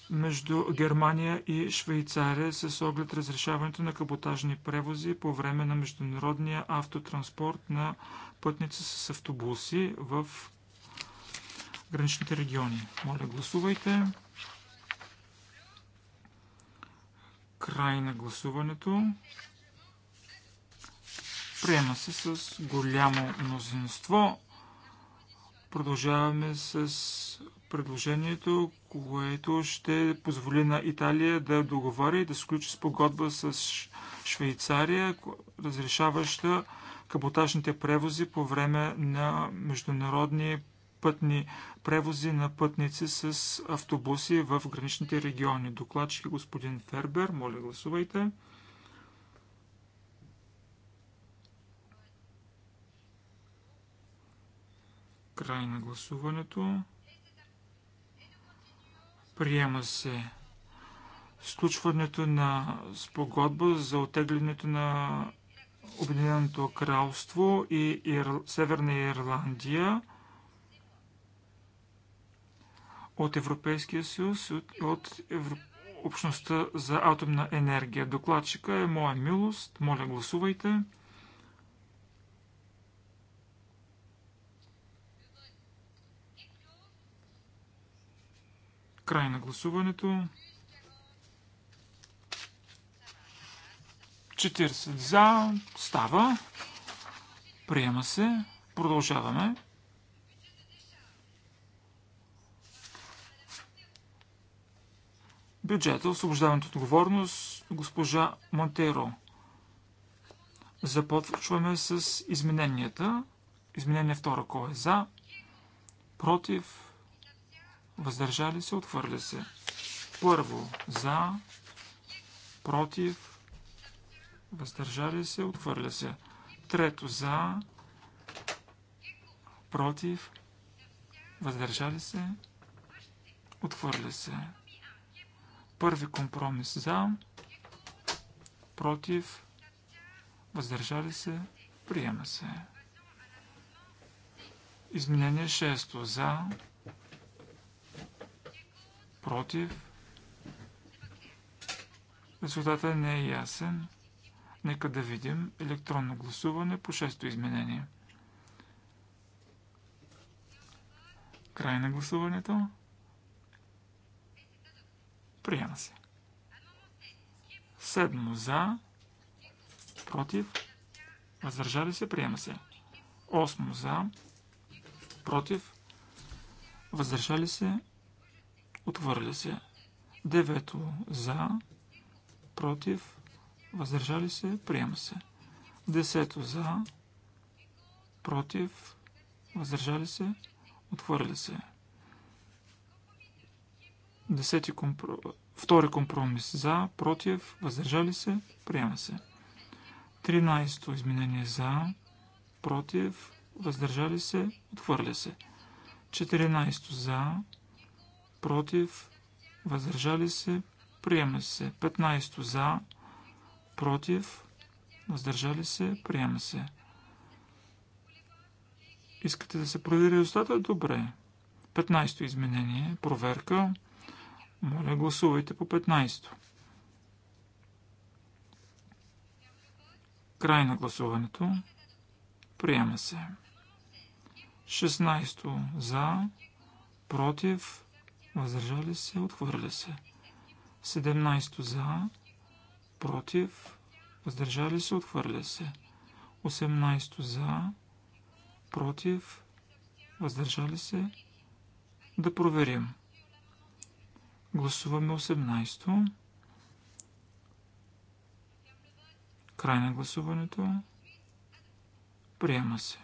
между Германия и Швейцария с оглед разрешаването на каботажни превози по време на международния автотранспорт на пътници с автобуси в граничните региони. Моля, гласувайте. Край на гласуването. Приема се с голямо мнозинство. Продължаваме с предложението, което ще позволи на Италия да договори и да сключи спогодба с Швейцария, разрешаваща каботажните превози по време на международни пътни превози на пътници с автобуси в граничните региони. Докладчик е господин Фербер, моля гласувайте. Край на гласуването. Приема се сключването на спогодба за отеглянето на Обединеното кралство и Ир... Северна Ирландия – от Европейския съюз, от, от Евро... Общността за атомна енергия. Докладчика е моя милост. Моля, гласувайте. Край на гласуването. 40 за. Става. Приема се. Продължаваме. Бюджета, освобождаването от отговорност, госпожа Монтеро. Започваме с измененията. Изменение втора, кой е за, против, въздържали се, отхвърля се. Първо, за, против, въздържали се, отхвърля се. Трето, за, против, въздържали се, отхвърля се. Първи компромис за, против, въздържали се, приема се. Изменение 6 за, против, резултата не е ясен. Нека да видим електронно гласуване по 6-то изменение. Край на гласуването. Приема се. Седмо за, против, въздържали се, приема се. Осмо за, против, въздържали се, отвърля се. Девето за, против, въздържали се, приема се. Десето за, против, въздържали се, отвърля се. Десети компро... Втори компромис за, против, въздържали се, приема се. 13 изменение за, против, въздържали се, отхвърля се. 14 за, против, въздържали се, приема се. 15 за, против, въздържали се, приема се. Искате да се провери резултата? Добре. 15 изменение, проверка. Моля, гласувайте по 15-то. Край на гласуването. Приема се. 16-то за, против, въздържали се, отхвърля се. 17-то за, против, въздържали се, отхвърля се. 18-то за, против, въздържали се. Да проверим. Гласуваме 18-то. Край на гласуването. Приема се.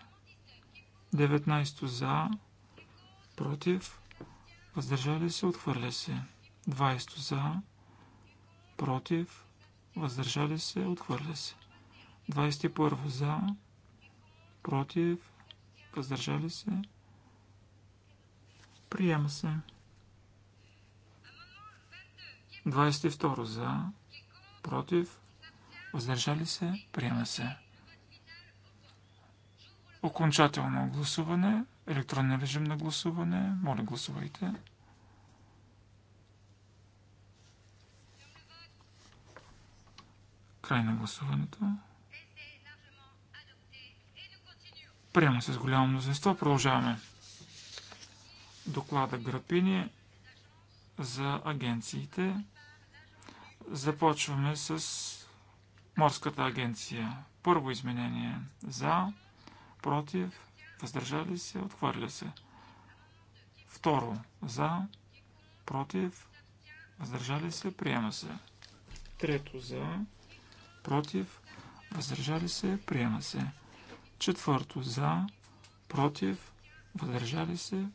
19 за, против, въздържали се, отхвърля се. 20 за, против, въздържали се, отхвърля се. 21 за, против, въздържали се, приема се. 22 за, против, въздържали се, приема се. Окончателно гласуване, електронен режим на гласуване, моля гласувайте. Край на гласуването. Приема се с голямо мнозинство. Продължаваме. Доклада Грапини за агенциите. Започваме с морската агенция. Първо изменение. За, против, въздържали се, отхвърля се. Второ. За, против, въздържали се, приема се. Трето. За, против, въздържали се, приема се. Четвърто. За, против, въздържали се,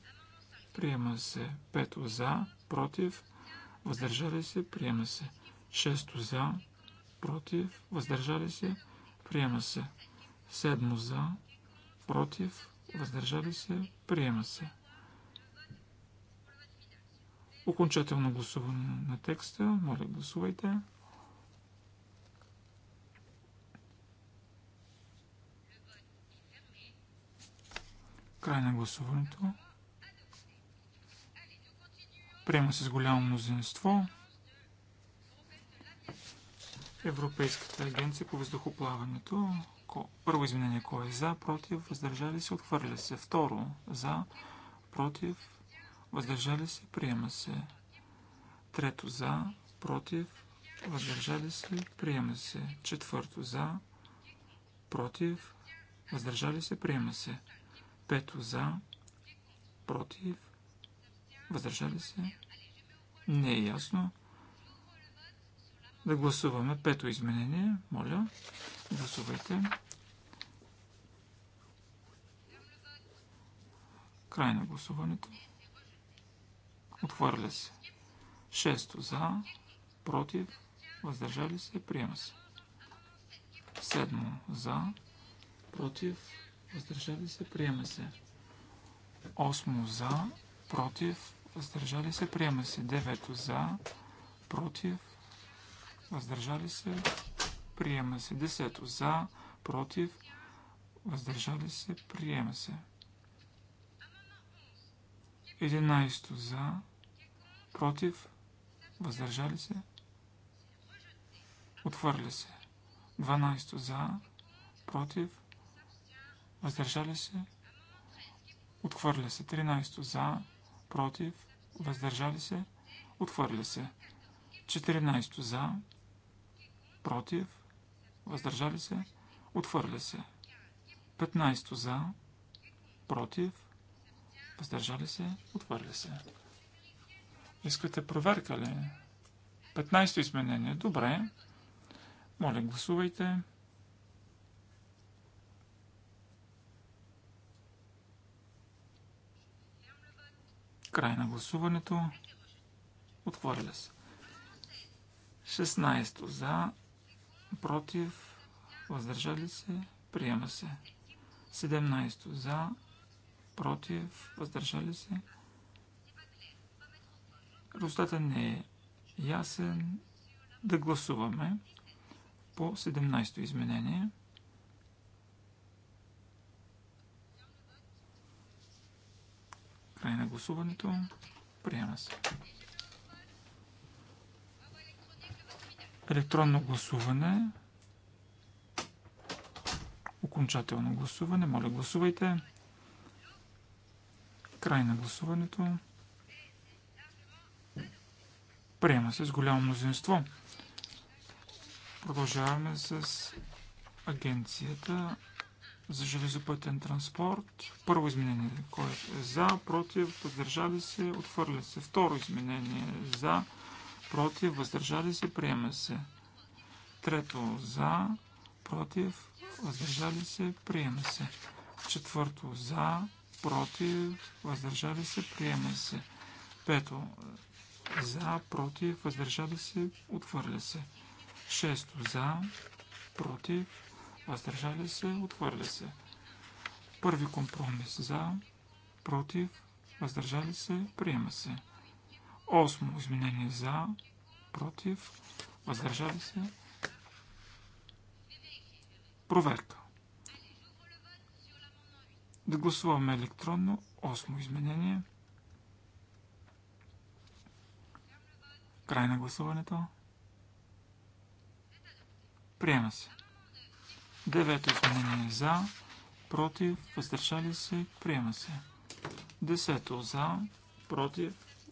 приема се. Пето. За, против, въздържали се, приема се. 6 за, против, въздържали се, приема се. 7 за, против, въздържали се, приема се. Окончателно гласуване на текста. Моля, гласувайте. Край на гласуването. Приема се с голямо мнозинство. Европейската агенция по въздухоплаването. Първо изменение, кой е за, против, въздържали се, отхвърля се. Второ, за, против, въздържали се, приема се. Трето, за, против, въздържали се, приема се. Четвърто, за, против, въздържали се, приема се. Пето, за, против, въздържали се. Не е ясно. Да гласуваме пето изменение. Моля, гласувайте. Край на гласуването. Отхвърля се. Шесто за, против, въздържали се, приема се. Седмо за, против, въздържали се, приема се. Осмо за, против, въздържали се, приема се. Девето за, против, въздържали се, приема се. 10 за, против, въздържали се, приема се. 11 за, против, въздържали се, отхвърля се. 12 за, против, въздържали се, отхвърля се. 13 за, против, въздържали се, отхвърля се. 14 за, против, въздържали се, отвърля се. 15 за, против, въздържали се, отвърля се. Искате проверка ли? 15 изменение. Добре. Моля, гласувайте. Край на гласуването. Отворя се. 16 за, против, въздържали се, приема се. 17 за, против, въздържали се. Резултата не е ясен. Да гласуваме по 17 изменение. Край на гласуването. Приема се. електронно гласуване, окончателно гласуване. Моля, гласувайте. Край на гласуването. Приема се с голямо мнозинство. Продължаваме с Агенцията за железопътен транспорт. Първо изменение, което е за, против, поддържали се, отхвърля се. Второ изменение, за, против, въздържали се, приема се. Трето за, против, въздържали се, приема се. Четвърто за, против, въздържали се, приема се. Пето за, против, въздържали се, отвърля се. Шесто за, против, въздържали се, отвърля се. Първи компромис за, против, въздържали се, приема се. Осмо изменение за, против, въздържали се. Проверка. Да гласуваме електронно. Осмо изменение. Край на гласуването. Приема се. Девето изменение за, против, въздържали се, приема се. Десето за, против,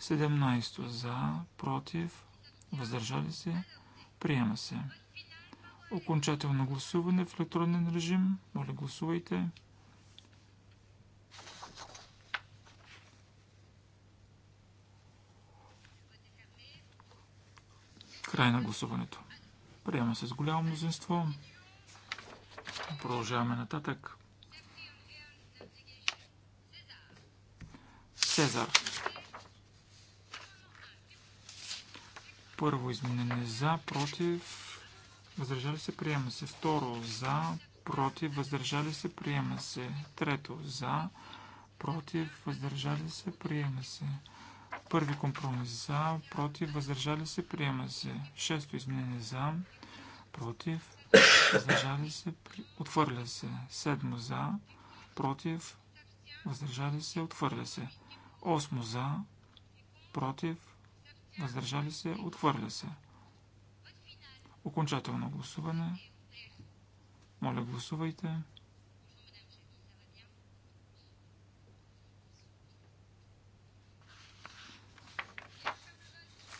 17 за, против, въздържали се, приема се. Окончателно гласуване в електронен режим. Моля, гласувайте. Край на гласуването. Приема се с голямо мнозинство. Продължаваме нататък. Цезар. Първо изменение за, против, въздържали се, приема се. Второ за, против, въздържали се, приема се. Трето за, против, въздържали се, приема се. Първи компромис за, против, въздържали се, приема се. Шесто изменение за, против, въздържали се, при... отвърля се. Седмо за, против, въздържали се, отвърля се. Осмо за, против, въздържали се, отхвърля се. Окончателно гласуване. Моля, гласувайте.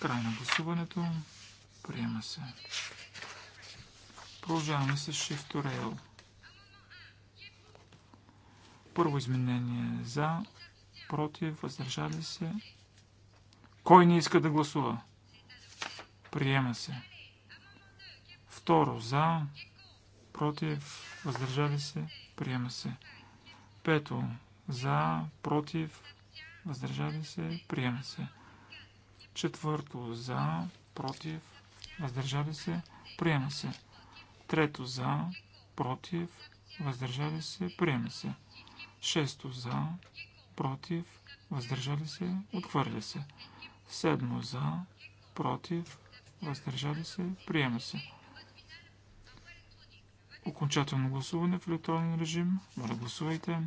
Край на гласуването. Приема се. Продължаваме с Shift to Rail. Първо изменение за, против, въздържали се, кой не иска да гласува? Приема се. Второ. За. Против. Въздържали се. Приема се. Пето. За. Против. Въздържали се. Приема се. Четвърто. За. Против. Въздържали се. Приема се. Трето. За. Против. Въздържали се. Приема се. Шесто. За. Против. Въздържали се. Отхвърля се. Седмо за, против, въздържали се, приема се. Окончателно гласуване в електронен режим. Моля гласувайте.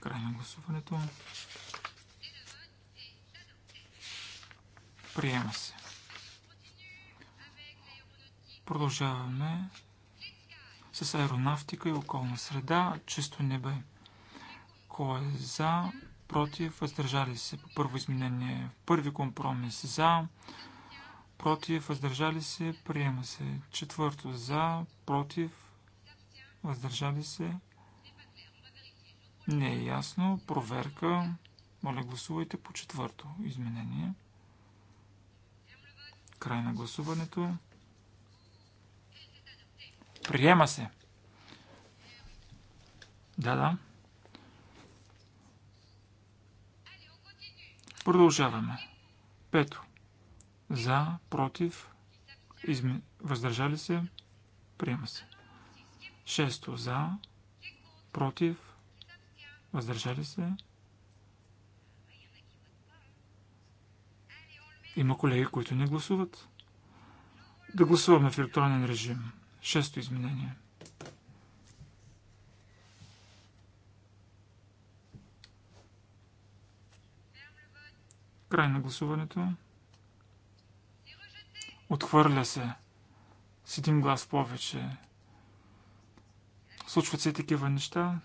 Край на гласуването. Приема се. Продължаваме с аеронавтика и околна среда, чисто небе. Кой е за? Против? Въздържали се по първо изменение. Първи компромис за. Против? Въздържали се? Приема се. Четвърто за. Против? Въздържали се? Не е ясно. Проверка. Моля гласувайте по четвърто изменение. Край на гласуването. Приема се. Да, да. Продължаваме. Пето. За, против, изми... въздържали се, приема се. Шесто. За, против, въздържали се. Има колеги, които не гласуват. Да гласуваме в електронен режим. Шесто изменение. Край на гласуването. Отхвърля се. С един глас повече. Случват се такива неща.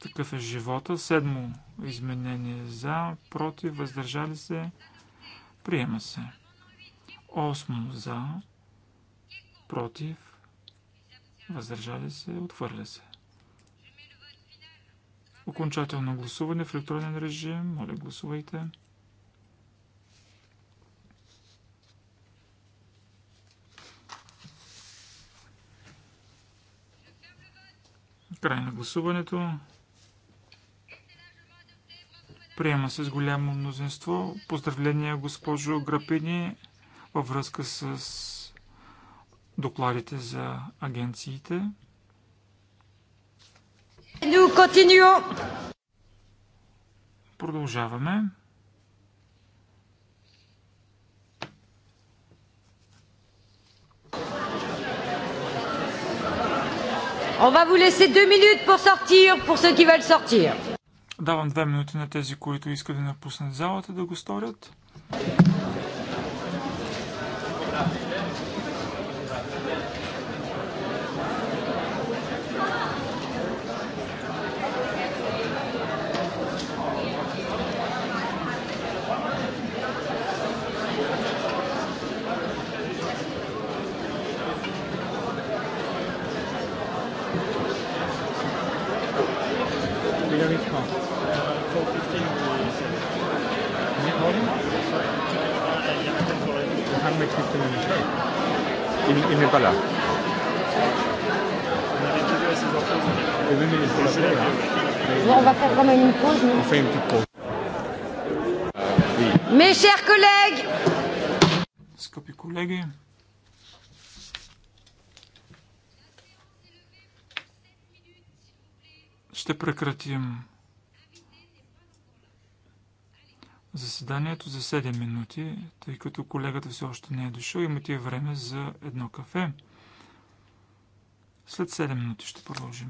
Такъв е живота. Седмо изменение за, против, въздържали се. Приема се. Осмо за, против, въздържали се, отхвърля се. Окончателно гласуване в електронен режим. Моля, гласувайте. Край на гласуването. Приема се с голямо мнозинство. Поздравления, госпожо Грапини, във връзка с докладите за агенциите. Продължаваме. On va vous laisser deux minutes pour sortir, pour ceux qui veulent sortir. Давам две минути на тези, които искат да напуснат залата, да го сторят. il, il n'est pas là. Et On va faire quand même une pause. Mais... On fait une petite pause. Euh, oui. Mes chers collègues Скъпи колеги, ще прекратим заседанието за 7 минути, тъй като колегата все още не е дошъл. Имате време за едно кафе. След 7 минути ще продължим.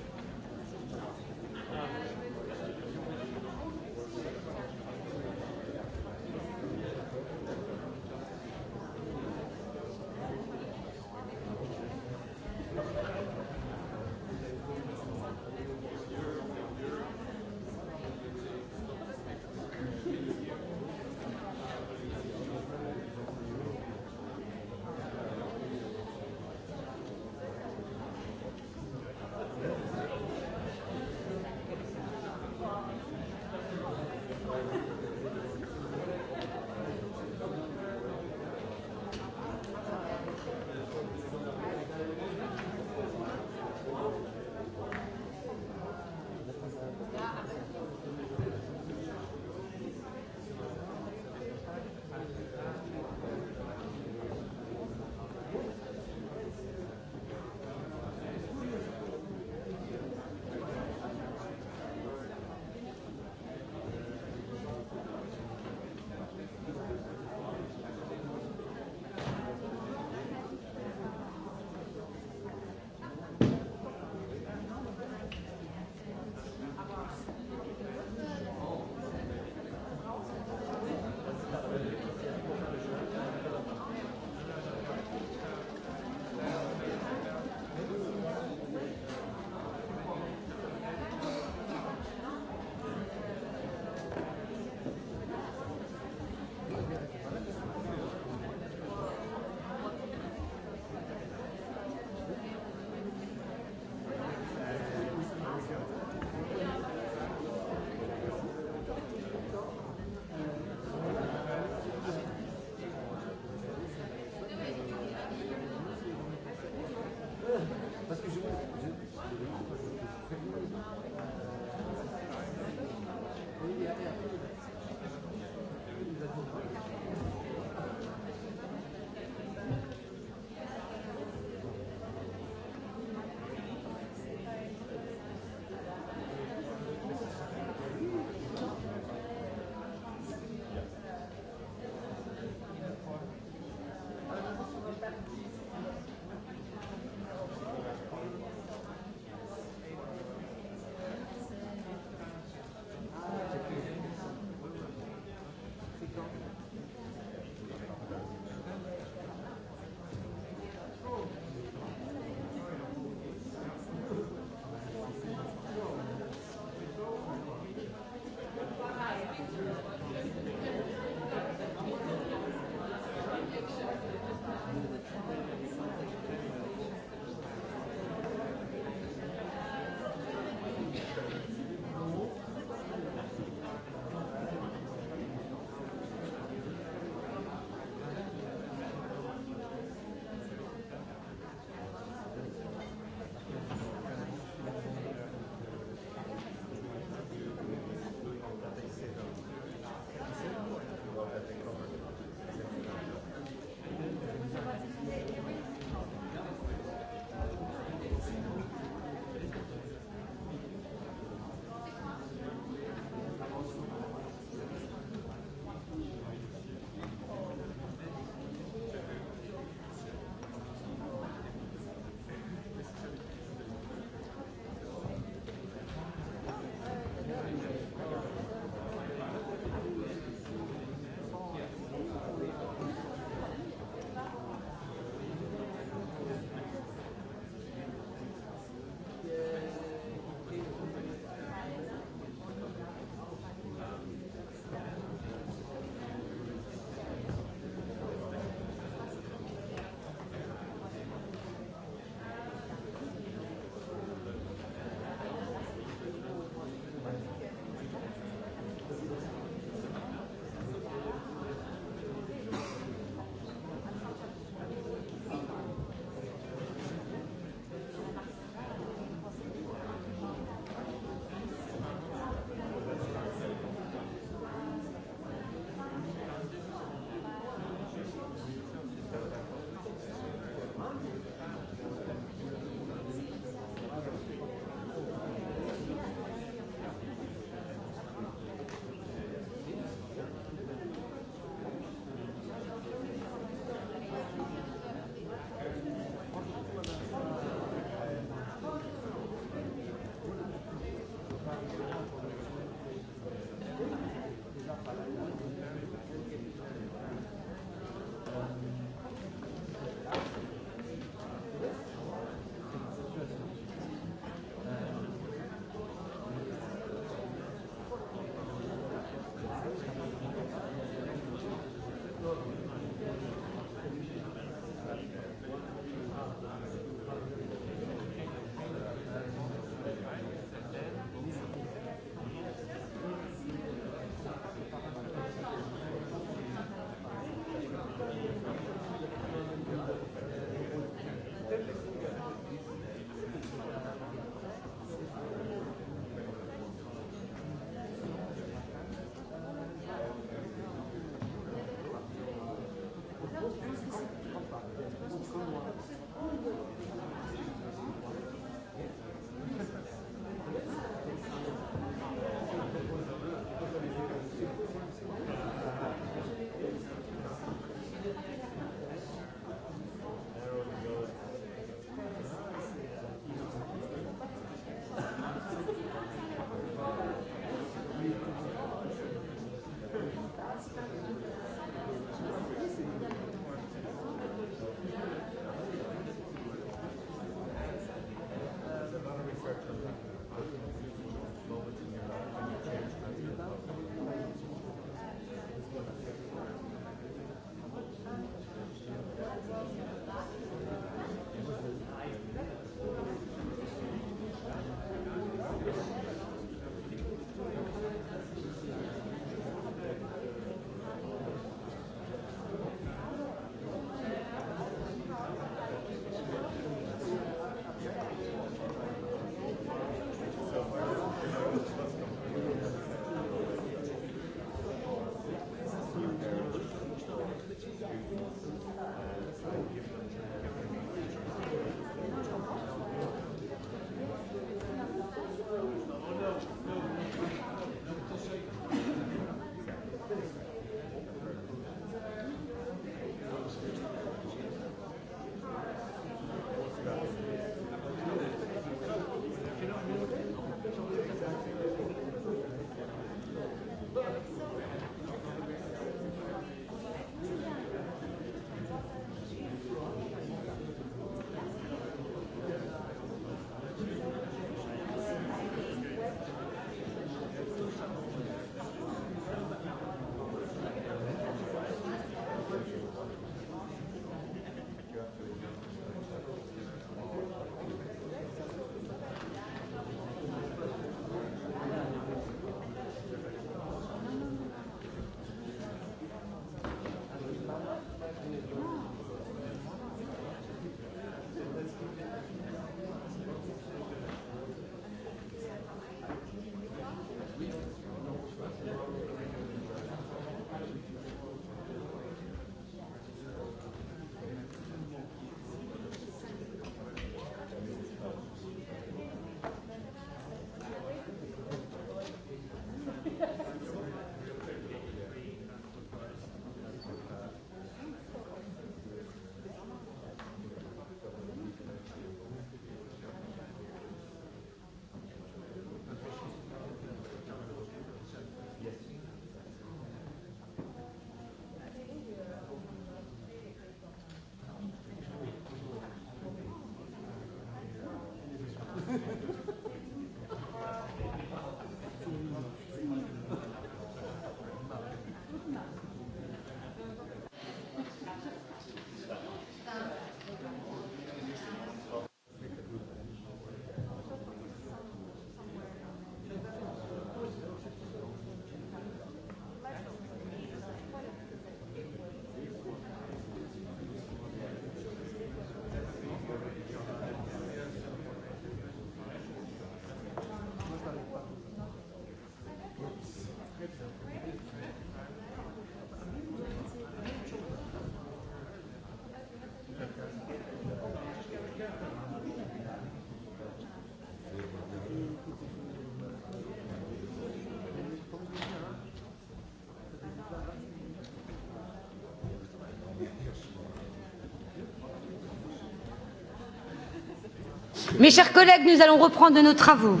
Mes chers collègues, nous allons reprendre nos travaux.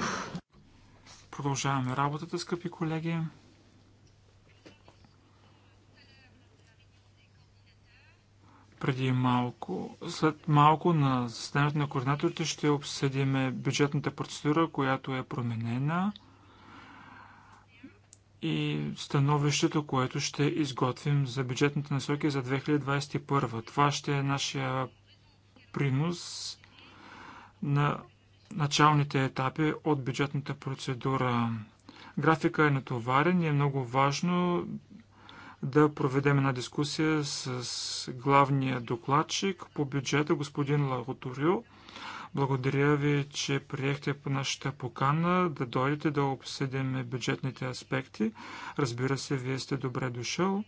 Продължаваме работата, скъпи колеги. преди малко. След малко на заседанието на координаторите ще обсъдим бюджетната процедура, която е променена и становището, което ще изготвим за бюджетните насоки за 2021. Това ще е нашия принос на началните етапи от бюджетната процедура. Графика е натоварен и е много важно да проведем една дискусия с главния докладчик по бюджета, господин Лаготорио. Благодаря ви, че приехте по нашата покана да дойдете да обсъдим бюджетните аспекти. Разбира се, вие сте добре дошъл.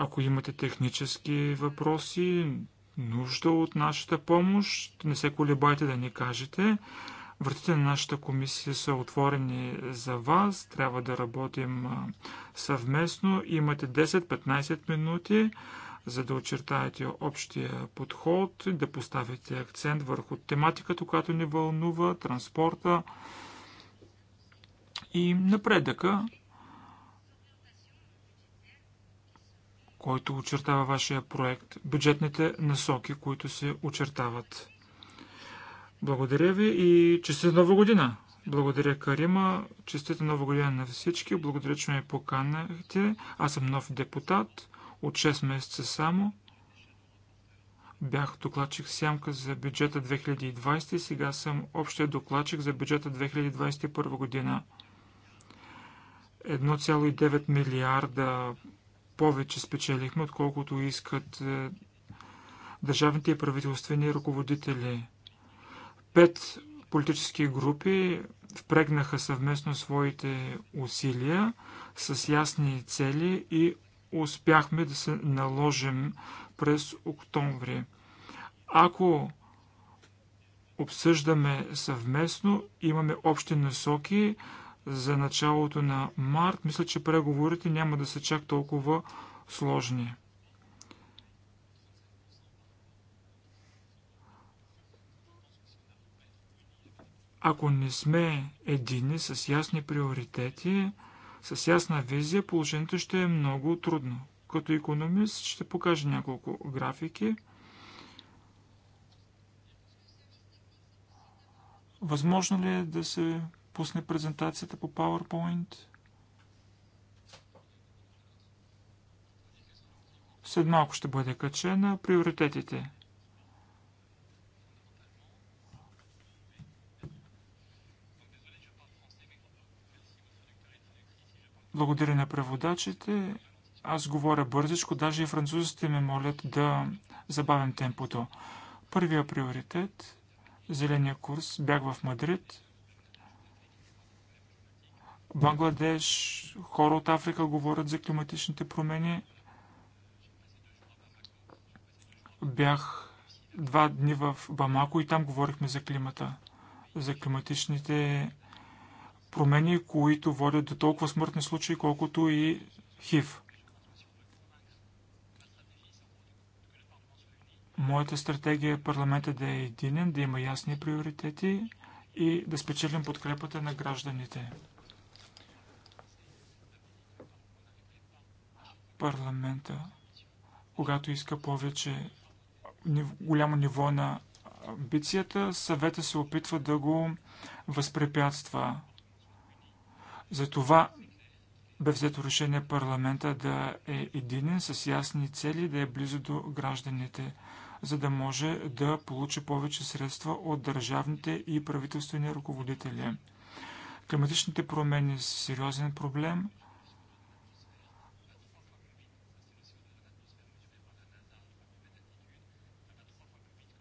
Ако имате технически въпроси, нужда от нашата помощ, не се колебайте да ни кажете. Вратите на нашата комисия са отворени за вас. Трябва да работим съвместно. Имате 10-15 минути, за да очертаете общия подход, да поставите акцент върху тематиката, която ни вълнува, транспорта и напредъка който очертава вашия проект, бюджетните насоки, които се очертават. Благодаря ви и честита нова година! Благодаря Карима, честита нова година на всички, благодаря, че ме поканахте. Аз съм нов депутат, от 6 месеца само. Бях докладчик сямка за бюджета 2020 и сега съм общия докладчик за бюджета 2021 година. 1,9 милиарда повече спечелихме, отколкото искат е, държавните и правителствени ръководители. Пет политически групи впрегнаха съвместно своите усилия с ясни цели и успяхме да се наложим през октомври. Ако обсъждаме съвместно, имаме общи насоки за началото на март, мисля, че преговорите няма да са чак толкова сложни. Ако не сме едини с ясни приоритети, с ясна визия, положението ще е много трудно. Като економист ще покажа няколко графики. Възможно ли е да се пусне презентацията по PowerPoint. След малко ще бъде качена приоритетите. Благодаря на преводачите. Аз говоря бързичко, даже и французите ме молят да забавим темпото. Първия приоритет – зеления курс, бях в Мадрид, Бангладеш, хора от Африка говорят за климатичните промени. Бях два дни в Бамако и там говорихме за климата, за климатичните промени, които водят до толкова смъртни случаи, колкото и ХИВ. Моята стратегия е парламента да е единен, да има ясни приоритети и да спечелим подкрепата на гражданите. парламента, когато иска повече голямо ниво на амбицията, съвета се опитва да го възпрепятства. Затова бе взето решение парламента да е единен с ясни цели, да е близо до гражданите, за да може да получи повече средства от държавните и правителствени ръководители. Климатичните промени са сериозен проблем –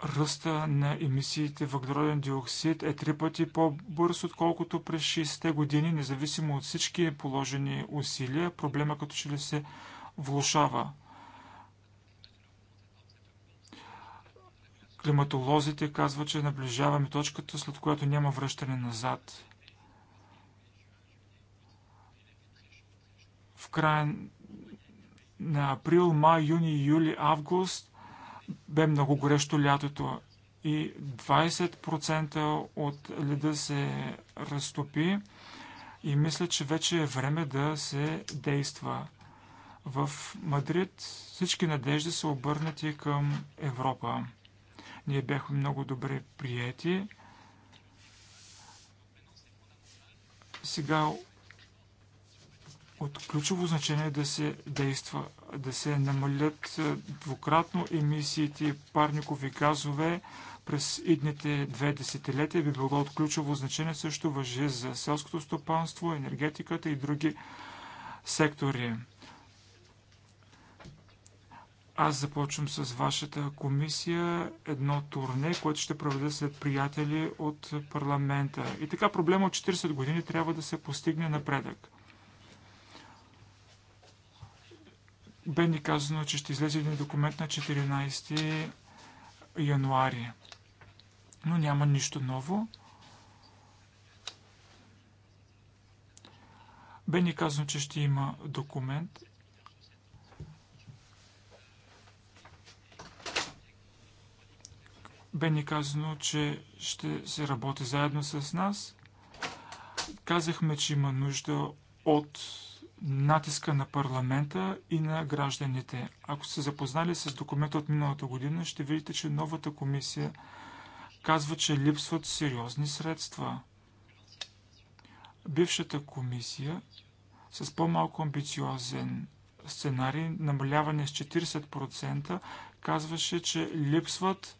ръста на емисиите въглероден диоксид е три пъти по-бърз, отколкото през 60-те години, независимо от всички положени усилия. Проблема като че ли се влушава. Климатолозите казват, че наближаваме точката, след която няма връщане назад. В края на април, май, юни, юли, август – бе много горещо лятото и 20% от леда се разтопи и мисля, че вече е време да се действа. В Мадрид всички надежди са обърнати към Европа. Ние бяхме много добре приети. Сега от ключово значение е да се действа да се намалят е, двукратно емисиите парникови газове през идните две десетилетия би било от ключово значение също въжи за селското стопанство, енергетиката и други сектори. Аз започвам с вашата комисия едно турне, което ще проведа след приятели от парламента. И така проблема от 40 години трябва да се постигне напредък. Бе ни е казано, че ще излезе един документ на 14 януари. Но няма нищо ново. Бе ни е казано, че ще има документ. Бе ни е казано, че ще се работи заедно с нас. Казахме, че има нужда от натиска на парламента и на гражданите. Ако сте запознали с документа от миналата година, ще видите, че новата комисия казва, че липсват сериозни средства. Бившата комисия с по-малко амбициозен сценарий, намаляване с 40%, казваше, че липсват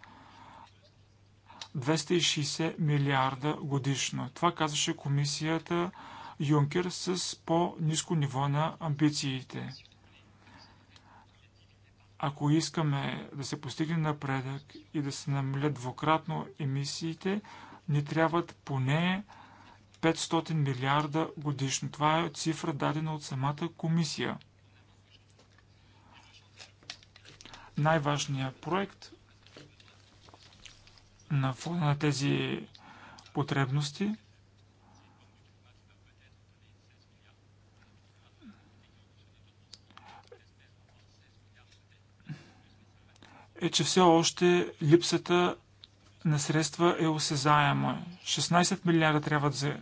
260 милиарда годишно. Това казваше комисията Юнкер с по-низко ниво на амбициите. Ако искаме да се постигне напредък и да се намалят двукратно емисиите, ни трябват поне 500 милиарда годишно. Това е цифра дадена от самата комисия. Най-важният проект на фона на тези потребности е, че все още липсата на средства е осезаема. 16 милиарда трябват за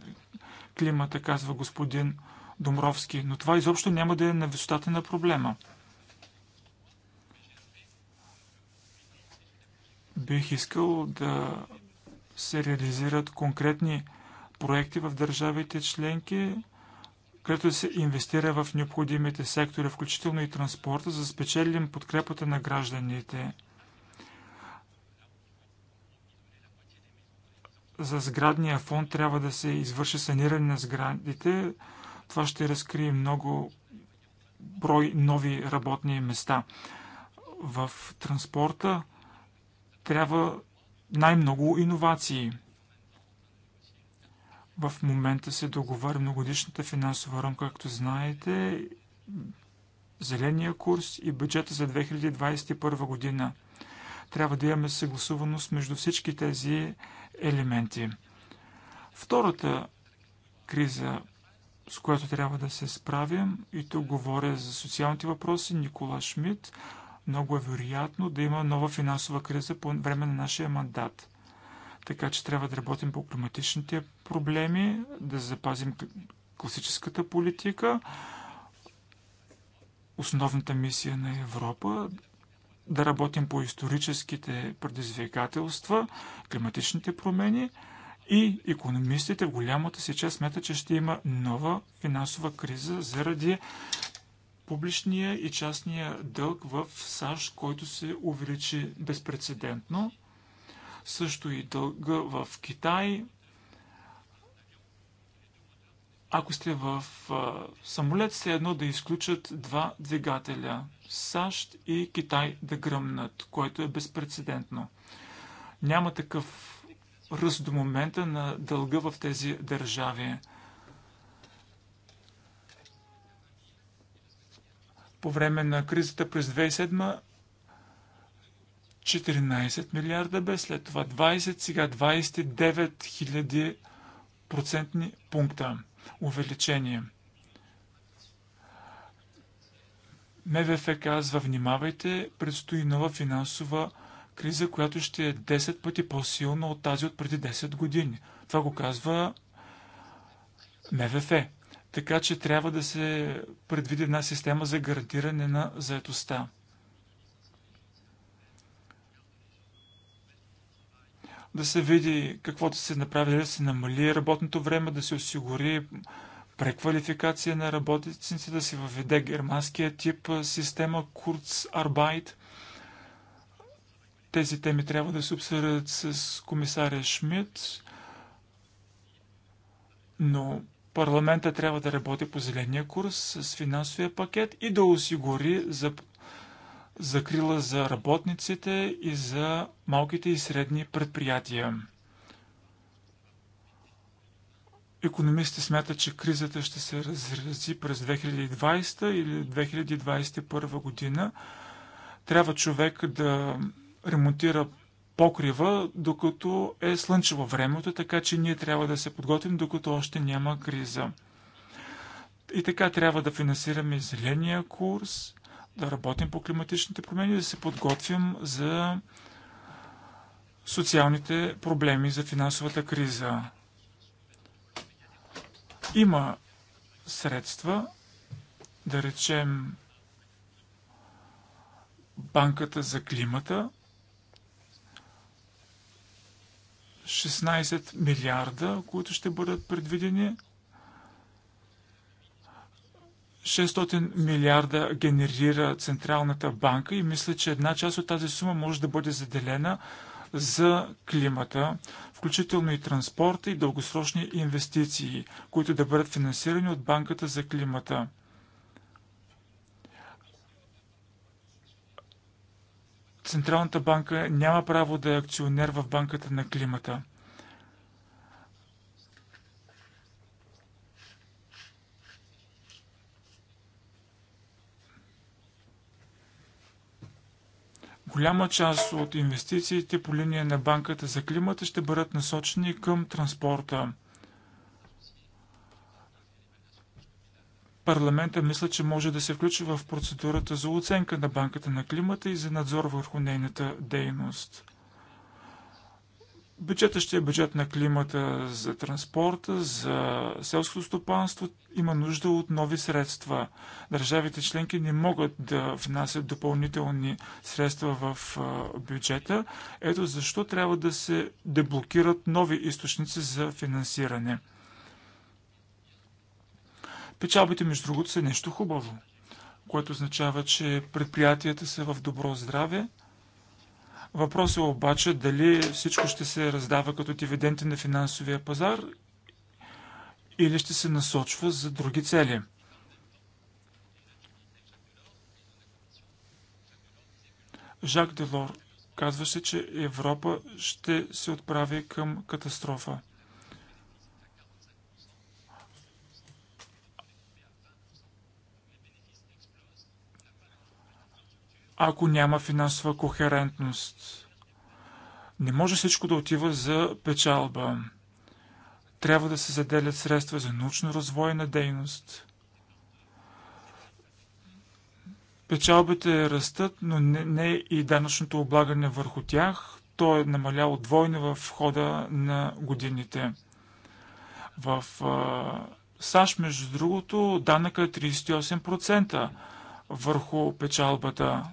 климата, казва господин Домровски, но това изобщо няма да е на висотата на проблема. Бих искал да се реализират конкретни проекти в държавите членки, където се инвестира в необходимите сектори, включително и транспорта, за да спечелим подкрепата на гражданите. за сградния фонд трябва да се извърши саниране на сградите. Това ще разкрие много брой нови работни места. В транспорта трябва най-много иновации. В момента се договаря многодишната финансова рамка, както знаете, зеления курс и бюджета за 2021 година. Трябва да имаме съгласуваност между всички тези елементи. Втората криза, с която трябва да се справим, и тук говоря за социалните въпроси, Никола Шмидт, много е вероятно да има нова финансова криза по време на нашия мандат. Така че трябва да работим по климатичните проблеми, да запазим класическата политика, основната мисия на Европа да работим по историческите предизвикателства, климатичните промени и економистите в голямата си част смятат, че ще има нова финансова криза заради публичния и частния дълг в САЩ, който се увеличи безпредседентно. Също и дълга в Китай ако сте в а, самолет, все едно да изключат два двигателя САЩ и Китай да гръмнат, което е безпредседентно. Няма такъв ръст до момента на дълга в тези държави. По време на кризата през 2007 14 милиарда бе, след това 20, сега 29 хиляди процентни пункта увеличение. МВФ казва, внимавайте, предстои нова финансова криза, която ще е 10 пъти по-силна от тази от преди 10 години. Това го казва МВФ. Така че трябва да се предвиди една система за гарантиране на заетостта. да се види какво да се направи, да се намали работното време, да се осигури преквалификация на работниците, да се въведе германския тип система Kurzarbeit. Тези теми трябва да се обсъдят с комисаря Шмидт, но парламента трябва да работи по зеления курс с финансовия пакет и да осигури за закрила за работниците и за малките и средни предприятия. Економистите смятат, че кризата ще се разрази през 2020 или 2021 година. Трябва човек да ремонтира покрива, докато е слънчево времето, така че ние трябва да се подготвим, докато още няма криза. И така трябва да финансираме зеления курс, да работим по климатичните промени, да се подготвим за социалните проблеми, за финансовата криза. Има средства, да речем Банката за климата, 16 милиарда, които ще бъдат предвидени – 600 милиарда генерира Централната банка и мисля, че една част от тази сума може да бъде заделена за климата, включително и транспорта и дългосрочни инвестиции, които да бъдат финансирани от Банката за климата. Централната банка няма право да е акционер в Банката на климата. Голяма част от инвестициите по линия на Банката за климата ще бъдат насочени към транспорта. Парламента мисля, че може да се включи в процедурата за оценка на Банката на климата и за надзор върху нейната дейност. Бюджета ще е бюджет на климата за транспорта, за селското стопанство. Има нужда от нови средства. Държавите членки не могат да внасят допълнителни средства в бюджета. Ето защо трябва да се деблокират нови източници за финансиране. Печалбите, между другото, са нещо хубаво, което означава, че предприятията са в добро здраве – Въпросът е обаче дали всичко ще се раздава като дивиденти на финансовия пазар или ще се насочва за други цели. Жак Делор казваше, че Европа ще се отправи към катастрофа. ако няма финансова кохерентност. Не може всичко да отива за печалба. Трябва да се заделят средства за научно-развойна дейност. Печалбите растат, но не, не и данъчното облагане върху тях. То е намаляло двойно в хода на годините. В а, САЩ, между другото, данъка е 38% върху печалбата.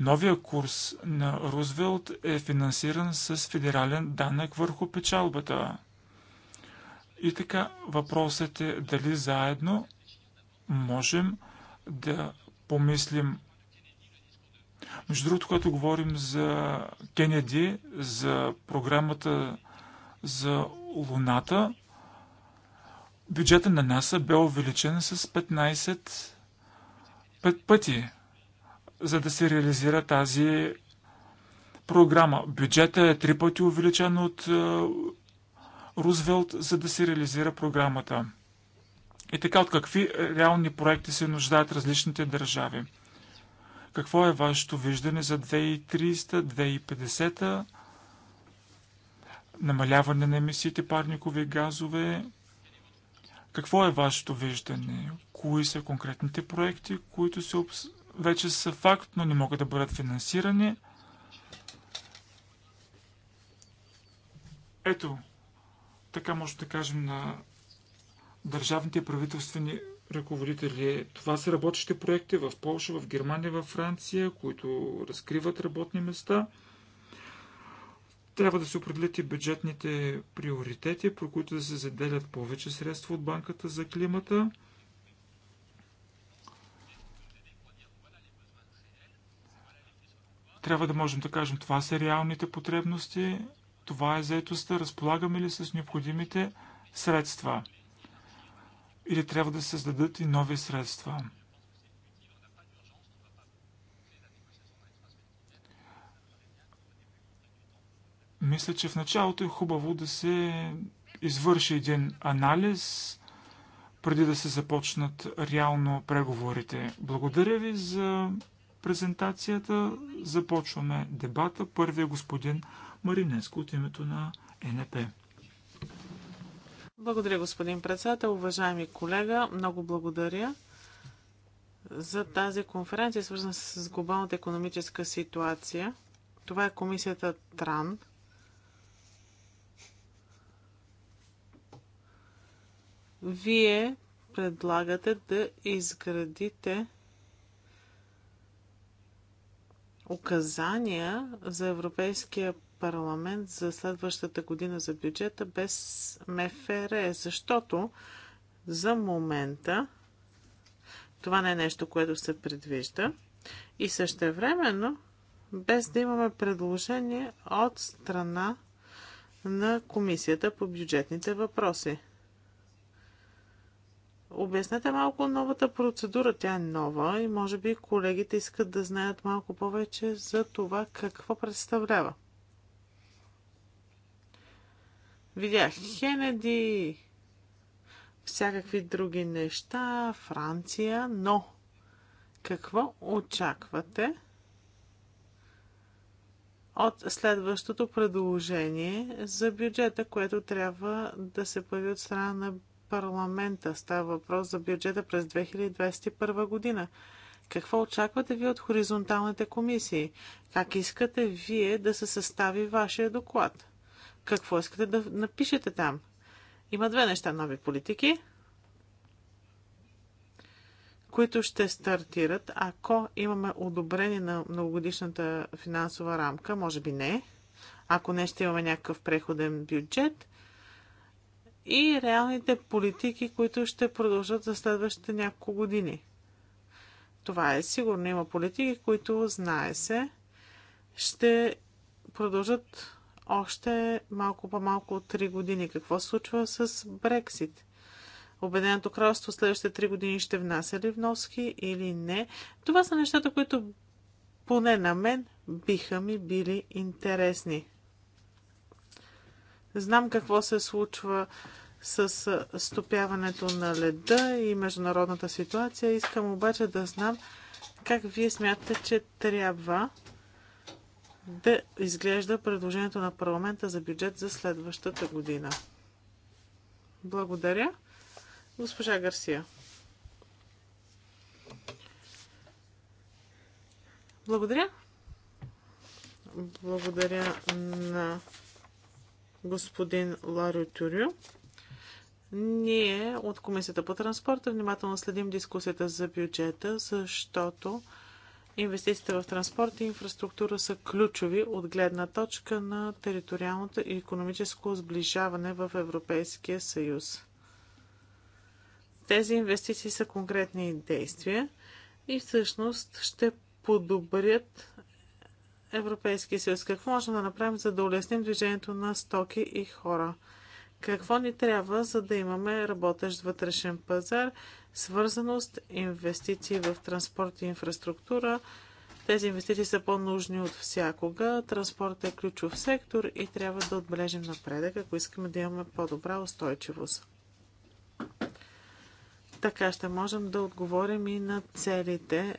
Новия курс на Рузвелт е финансиран с федерален данък върху печалбата. И така, въпросът е дали заедно можем да помислим. Между другото, когато говорим за Кенеди, за програмата за Луната, бюджета на НАСА бе увеличен с 15 пъти за да се реализира тази програма. Бюджета е три пъти увеличен от е, Рузвелт, за да се реализира програмата. И така, от какви реални проекти се нуждаят различните държави? Какво е вашето виждане за 2300-2050? Намаляване на емисиите парникови газове? Какво е вашето виждане? Кои са конкретните проекти, които се обсъждат? вече са факт, но не могат да бъдат финансирани. Ето, така може да кажем на държавните правителствени ръководители. Това са работещи проекти в Польша, в Германия, в Франция, които разкриват работни места. Трябва да се определят и бюджетните приоритети, про които да се заделят повече средства от банката за климата. Трябва да можем да кажем, това са реалните потребности, това е заетостта, разполагаме ли с необходимите средства. Или трябва да се създадат и нови средства. Мисля, че в началото е хубаво да се извърши един анализ, преди да се започнат реално преговорите. Благодаря ви за презентацията. Започваме дебата. Първият е господин Маринеско от името на НП. Благодаря, господин председател. Уважаеми колега, много благодаря за тази конференция, свързана с глобалната економическа ситуация. Това е комисията ТРАН. Вие предлагате да изградите указания за Европейския парламент за следващата година за бюджета без МФР, защото за момента това не е нещо, което се предвижда и същевременно без да имаме предложение от страна на Комисията по бюджетните въпроси. Обяснете малко новата процедура. Тя е нова и може би колегите искат да знаят малко повече за това какво представлява. Видях Хенеди, всякакви други неща, Франция, но какво очаквате от следващото предложение за бюджета, което трябва да се появи от страна на парламента. Става въпрос за бюджета през 2021 година. Какво очаквате ви от хоризонталните комисии? Как искате вие да се състави вашия доклад? Какво искате да напишете там? Има две неща нови политики, които ще стартират, ако имаме одобрение на многогодишната финансова рамка, може би не. Ако не, ще имаме някакъв преходен бюджет и реалните политики, които ще продължат за следващите няколко години. Това е сигурно. Има политики, които, знае се, ще продължат още малко по-малко от 3 години. Какво се случва с Брексит? Обединеното кралство следващите 3 години ще внася ли вноски или не? Това са нещата, които поне на мен биха ми били интересни. Знам какво се случва с стопяването на леда и международната ситуация. Искам обаче да знам как вие смятате, че трябва да изглежда предложението на парламента за бюджет за следващата година. Благодаря. Госпожа Гарсия. Благодаря. Благодаря на господин Ларио Тюрю. Ние от Комисията по транспорта внимателно следим дискусията за бюджета, защото инвестициите в транспорт и инфраструктура са ключови от гледна точка на териториалното и економическо сближаване в Европейския съюз. Тези инвестиции са конкретни действия и всъщност ще подобрят Европейския съюз. Какво можем да направим, за да улесним движението на стоки и хора? Какво ни трябва, за да имаме работещ вътрешен пазар, свързаност, инвестиции в транспорт и инфраструктура? Тези инвестиции са по-нужни от всякога. Транспорт е ключов сектор и трябва да отбележим напредък, ако искаме да имаме по-добра устойчивост. Така ще можем да отговорим и на целите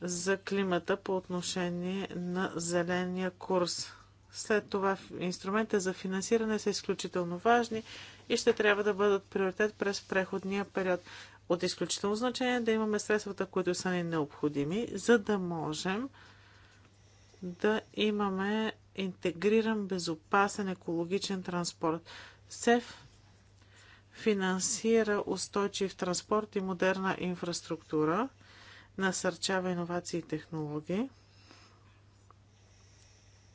за климата по отношение на зеления курс. След това инструментите за финансиране са изключително важни и ще трябва да бъдат приоритет през преходния период. От изключително значение е да имаме средствата, които са ни необходими, за да можем да имаме интегриран, безопасен, екологичен транспорт. СЕФ финансира устойчив транспорт и модерна инфраструктура насърчава иновации и технологии,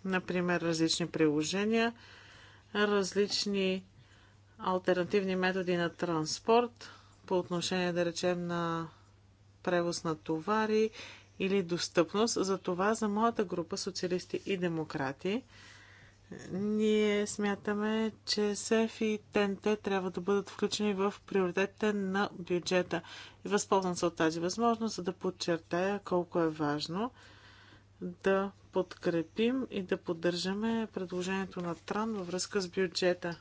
например различни приложения, различни альтернативни методи на транспорт по отношение, да речем, на превоз на товари или достъпност. За това за моята група социалисти и демократи ние смятаме, че СЕФ и ТНТ трябва да бъдат включени в приоритетите на бюджета. И възползвам се от тази възможност, за да подчертая колко е важно да подкрепим и да поддържаме предложението на Тран във връзка с бюджета.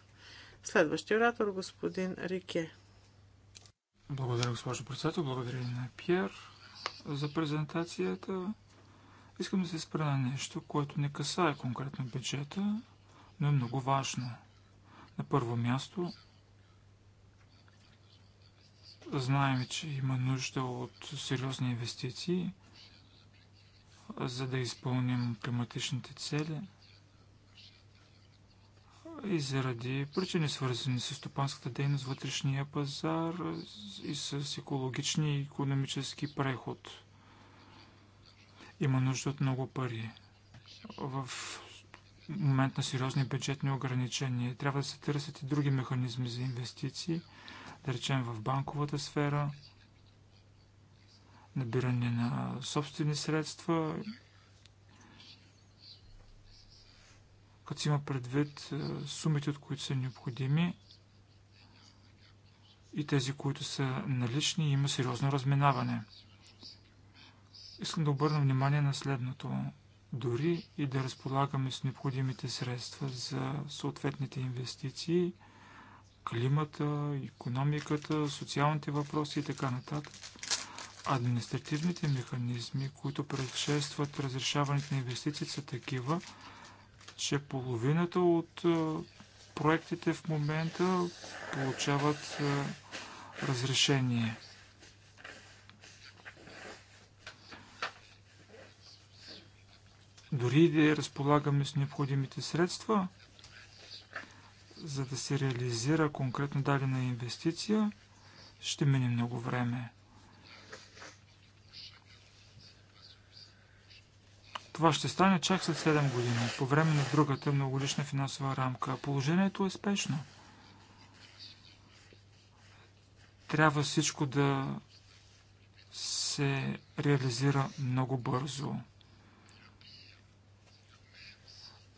Следващия оратор, господин Рике. Благодаря, госпожо председател. Благодаря на Пьер за презентацията. Искам да се спра на нещо, което не касае конкретно бюджета, но е много важно. На първо място, знаем, че има нужда от сериозни инвестиции, за да изпълним климатичните цели и заради причини свързани с стопанската дейност, вътрешния пазар и с екологични и економически преход – има нужда от много пари. В момент на сериозни бюджетни ограничения трябва да се търсят и други механизми за инвестиции, да речем в банковата сфера, набиране на собствени средства, като си има предвид е, сумите, от които са необходими и тези, които са налични, има сериозно разминаване. Искам да обърна внимание на следното. Дори и да разполагаме с необходимите средства за съответните инвестиции, климата, економиката, социалните въпроси и така нататък, административните механизми, които предшестват разрешаването на инвестиции, са такива, че половината от проектите в момента получават разрешение. дори да разполагаме с необходимите средства, за да се реализира конкретно дадена инвестиция, ще мине много време. Това ще стане чак след 7 години, по време на другата многолична финансова рамка. Положението е спешно. Трябва всичко да се реализира много бързо.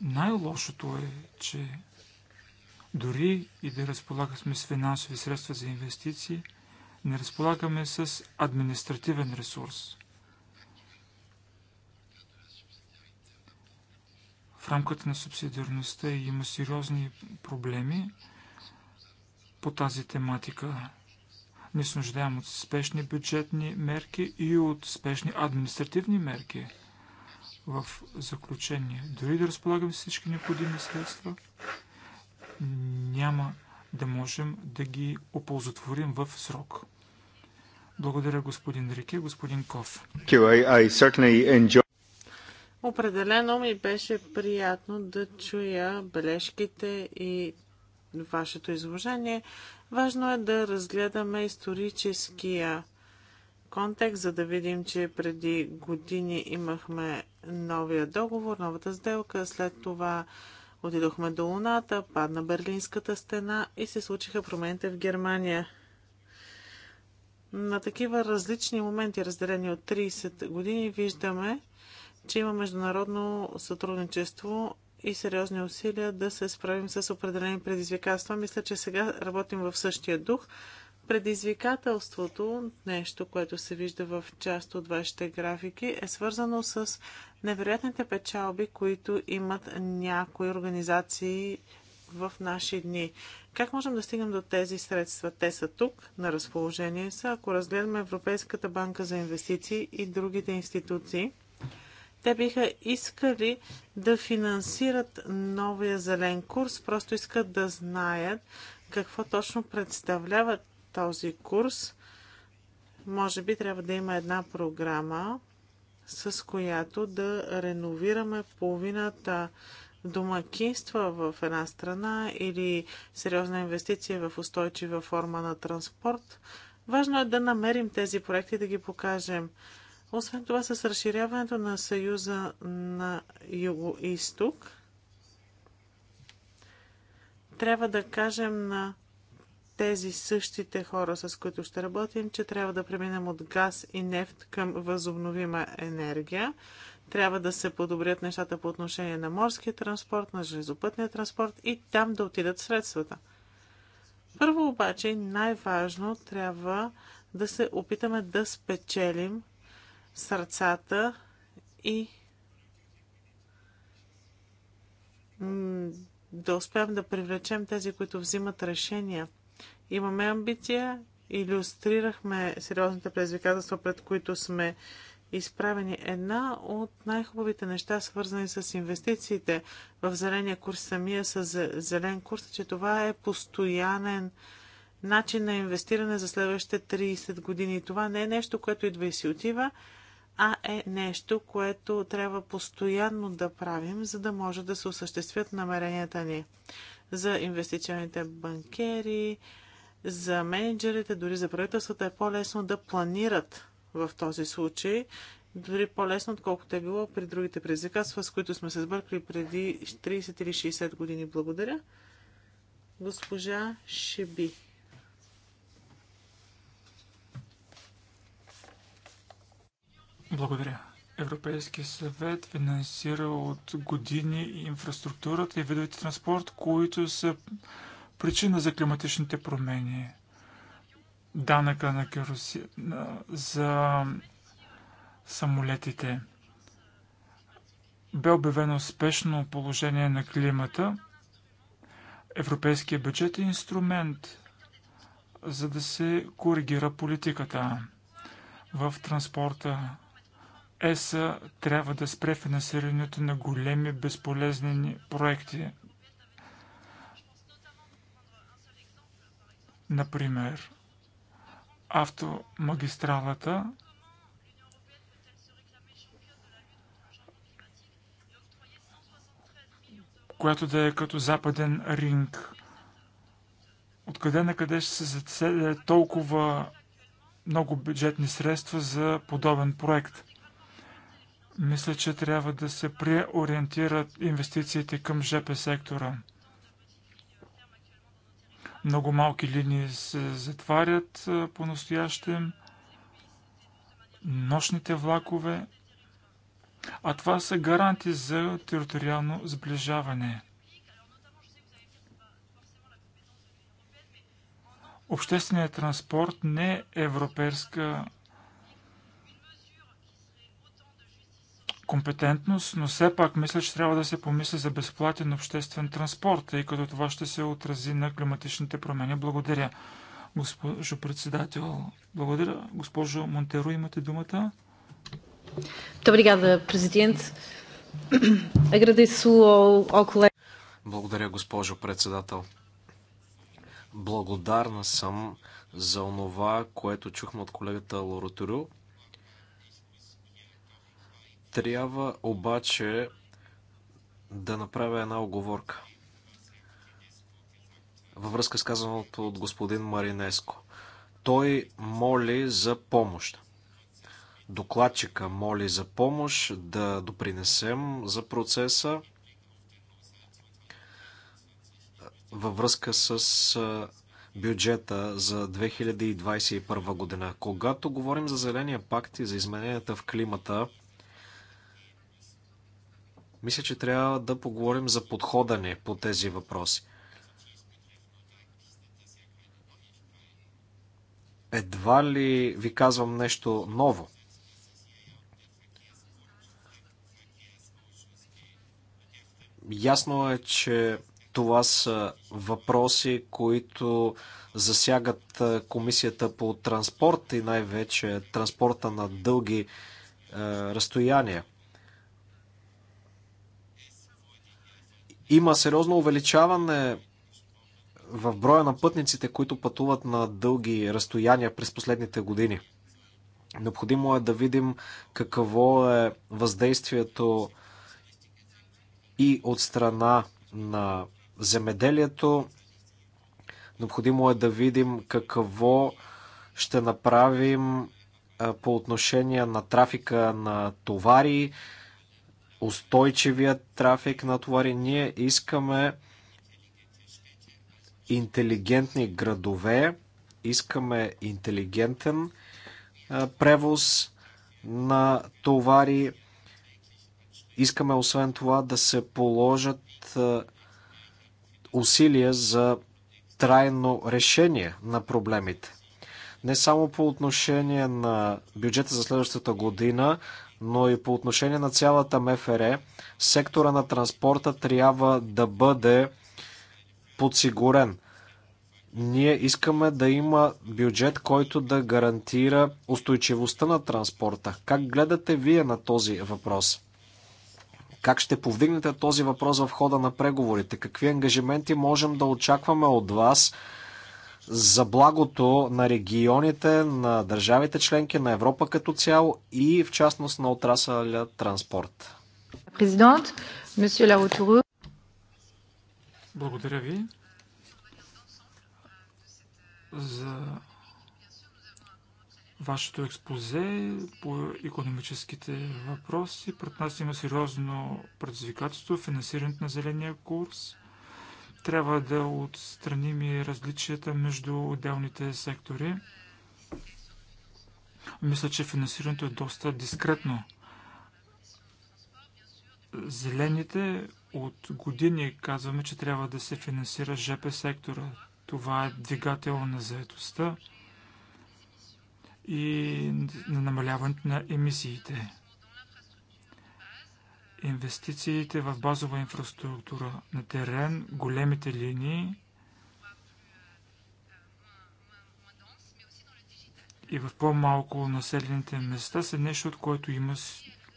Най-лошото е, че дори и да разполагаме с финансови средства за инвестиции, не разполагаме с административен ресурс. В рамката на субсидиарността има сериозни проблеми по тази тематика. Не се нуждаем от спешни бюджетни мерки и от спешни административни мерки – в заключение, дори да разполагаме всички необходими средства, няма да можем да ги оползотворим в срок. Благодаря господин Рике, господин Ков. Определено ми беше приятно да чуя бележките и вашето изложение. Важно е да разгледаме историческия контекст, за да видим, че преди години имахме новия договор, новата сделка, след това отидохме до Луната, падна Берлинската стена и се случиха промените в Германия. На такива различни моменти, разделени от 30 години, виждаме, че има международно сътрудничество и сериозни усилия да се справим с определени предизвикателства. Мисля, че сега работим в същия дух. Предизвикателството, нещо, което се вижда в част от вашите графики, е свързано с невероятните печалби, които имат някои организации в наши дни. Как можем да стигнем до тези средства? Те са тук, на разположение са. Ако разгледаме Европейската банка за инвестиции и другите институции, те биха искали да финансират новия зелен курс, просто искат да знаят какво точно представляват този курс, може би трябва да има една програма, с която да реновираме половината домакинства в една страна или сериозна инвестиция в устойчива форма на транспорт. Важно е да намерим тези проекти, да ги покажем. Освен това, с разширяването на Съюза на Юго-Исток, трябва да кажем на тези същите хора, с които ще работим, че трябва да преминем от газ и нефт към възобновима енергия. Трябва да се подобрят нещата по отношение на морския транспорт, на железопътния транспорт и там да отидат средствата. Първо обаче, най-важно трябва да се опитаме да спечелим сърцата и да успеем да привлечем тези, които взимат решения – Имаме амбиция, иллюстрирахме сериозните предизвикателства, пред които сме изправени. Една от най-хубавите неща, свързани с инвестициите в зеления курс, самия с зелен курс, е, че това е постоянен начин на инвестиране за следващите 30 години. Това не е нещо, което идва и си отива, а е нещо, което трябва постоянно да правим, за да може да се осъществят намеренията ни за инвестиционните банкери, за менеджерите, дори за правителствата е по-лесно да планират в този случай, дори по-лесно, отколкото е било при другите предизвикателства, с които сме се сбъркали преди 30 или 60 години. Благодаря. Госпожа Шеби. Благодаря. Европейския съвет финансира от години инфраструктурата и видовете транспорт, които са причина за климатичните промени. Данъка на керосина за самолетите. Бе обявено спешно положение на климата. Европейския бюджет е инструмент, за да се коригира политиката в транспорта. ЕСА трябва да спре финансирането на големи безполезни проекти – Например, автомагистралата която да е като западен ринг. Откъде на къде ще се заседе толкова много бюджетни средства за подобен проект? Мисля, че трябва да се преориентират инвестициите към ЖП сектора. Много малки линии се затварят по-настоящем. Нощните влакове. А това са гаранти за териториално сближаване. Общественият транспорт не е европейска компетентност, но все пак мисля, че трябва да се помисли за безплатен обществен транспорт, тъй като това ще се отрази на климатичните промени. Благодаря, госпожо председател. Благодаря, госпожо Монтеро, имате думата. Добригада, президент. Благодаря, госпожо председател. Благодарна съм за онова, което чухме от колегата Лоротурю трябва обаче да направя една оговорка във връзка с казаното от господин Маринеско. Той моли за помощ. Докладчика моли за помощ да допринесем за процеса във връзка с бюджета за 2021 година. Когато говорим за Зеления пакт и за измененията в климата, мисля, че трябва да поговорим за подхода ни по тези въпроси. Едва ли ви казвам нещо ново? Ясно е, че това са въпроси, които засягат комисията по транспорт и най-вече транспорта на дълги е, разстояния. Има сериозно увеличаване в броя на пътниците, които пътуват на дълги разстояния през последните години. Необходимо е да видим какво е въздействието и от страна на земеделието. Необходимо е да видим какво ще направим по отношение на трафика на товари, устойчивия трафик на товари. Ние искаме интелигентни градове, искаме интелигентен превоз на товари. Искаме освен това да се положат усилия за трайно решение на проблемите. Не само по отношение на бюджета за следващата година, но и по отношение на цялата МФР, сектора на транспорта трябва да бъде подсигурен. Ние искаме да има бюджет, който да гарантира устойчивостта на транспорта. Как гледате вие на този въпрос? Как ще повдигнете този въпрос в хода на преговорите? Какви ангажименти можем да очакваме от вас? за благото на регионите, на държавите членки, на Европа като цяло и в частност на отрасъля транспорт. Президент, месье Лаутуру. Благодаря ви за вашето експозе по економическите въпроси. Пред нас има сериозно предизвикателство финансирането на зеления курс трябва да отстраним и различията между отделните сектори. Мисля, че финансирането е доста дискретно. Зелените от години казваме, че трябва да се финансира ЖП сектора. Това е двигател на заедостта и на намаляването на емисиите инвестициите в базова инфраструктура на терен, големите линии и в по-малко населените места са нещо, от което има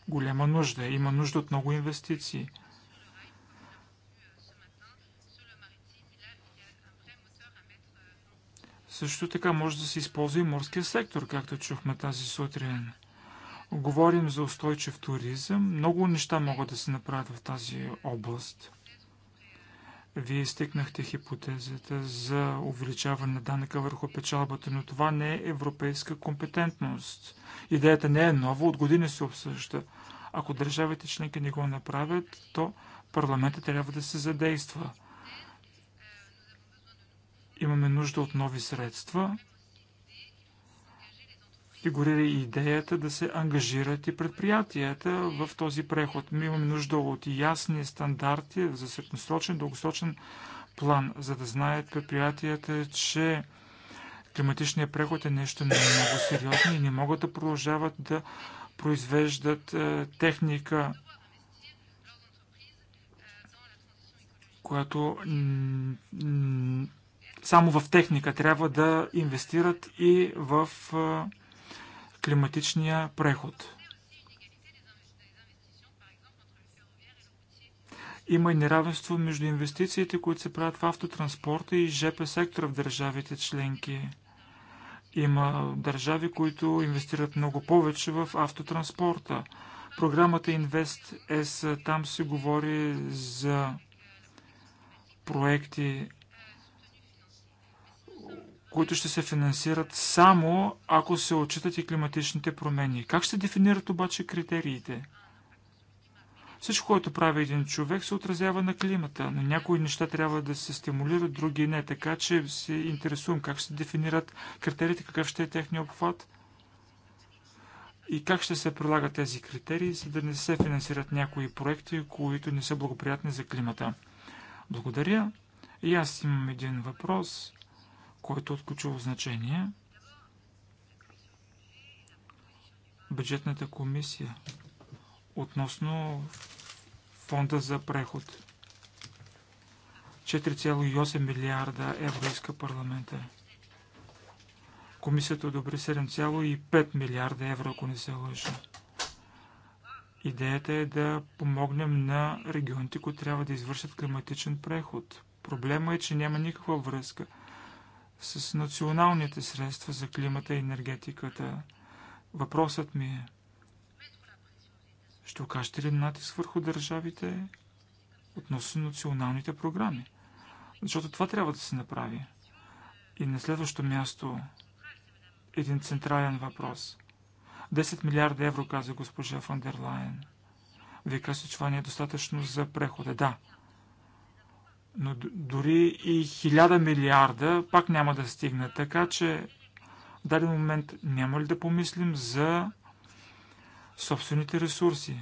голяма нужда. Има нужда от много инвестиции. Също така може да се използва и морския сектор, както чухме тази сутрин. Говорим за устойчив туризъм. Много неща могат да се направят в тази област. Вие изтекнахте хипотезата за увеличаване на данъка върху печалбата, но това не е европейска компетентност. Идеята не е нова, от години се обсъжда. Ако държавите членки не го направят, то парламентът трябва да се задейства. Имаме нужда от нови средства фигурира и идеята да се ангажират и предприятията в този преход. Ми имаме нужда от ясни стандарти за средносрочен, дългосрочен план, за да знаят предприятията, че климатичният преход е нещо много сериозно и не могат да продължават да произвеждат е, техника, която само в техника трябва да инвестират и в е, климатичния преход. Има и неравенство между инвестициите, които се правят в автотранспорта и ЖП сектора в държавите членки. Има държави, които инвестират много повече в автотранспорта. Програмата S там се говори за проекти които ще се финансират само ако се отчитат и климатичните промени. Как ще дефинират обаче критериите? Всичко, което прави един човек, се отразява на климата, но някои неща трябва да се стимулират, други не. Така че се интересувам как ще дефинират критериите, какъв ще е техния обхват и как ще се прилагат тези критерии, за да не се финансират някои проекти, които не са благоприятни за климата. Благодаря. И аз имам един въпрос което е от ключово значение. Бюджетната комисия относно фонда за преход. 4,8 милиарда евро иска парламента. Комисията одобри 7,5 милиарда евро, ако не се лъжа. Идеята е да помогнем на регионите, които трябва да извършат климатичен преход. Проблема е, че няма никаква връзка с националните средства за климата и енергетиката. Въпросът ми е, ще окажете ли натиск върху държавите относно националните програми? Защото това трябва да се направи. И на следващо място един централен въпрос. 10 милиарда евро, каза госпожа Фандерлайн. Вие казвате, че това не е достатъчно за прехода. Да, но дори и 1000 милиарда пак няма да стигне. Така че в даден момент няма ли да помислим за собствените ресурси?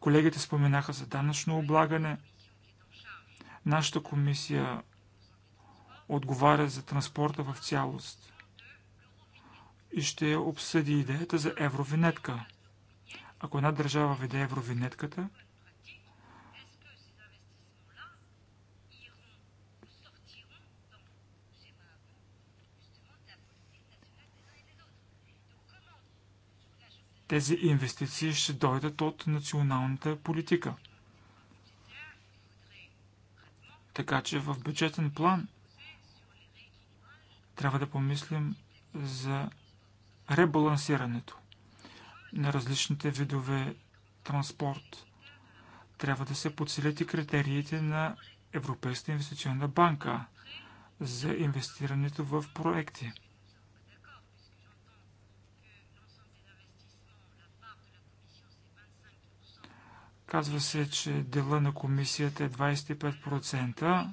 Колегите споменаха за данъчно облагане. Нашата комисия отговаря за транспорта в цялост и ще обсъди идеята за евровинетка. Ако една държава веде евровинетката, Тези инвестиции ще дойдат от националната политика. Така че в бюджетен план трябва да помислим за ребалансирането на различните видове транспорт. Трябва да се подсилят и критериите на Европейската инвестиционна банка за инвестирането в проекти. Казва се, че дела на комисията е 25%.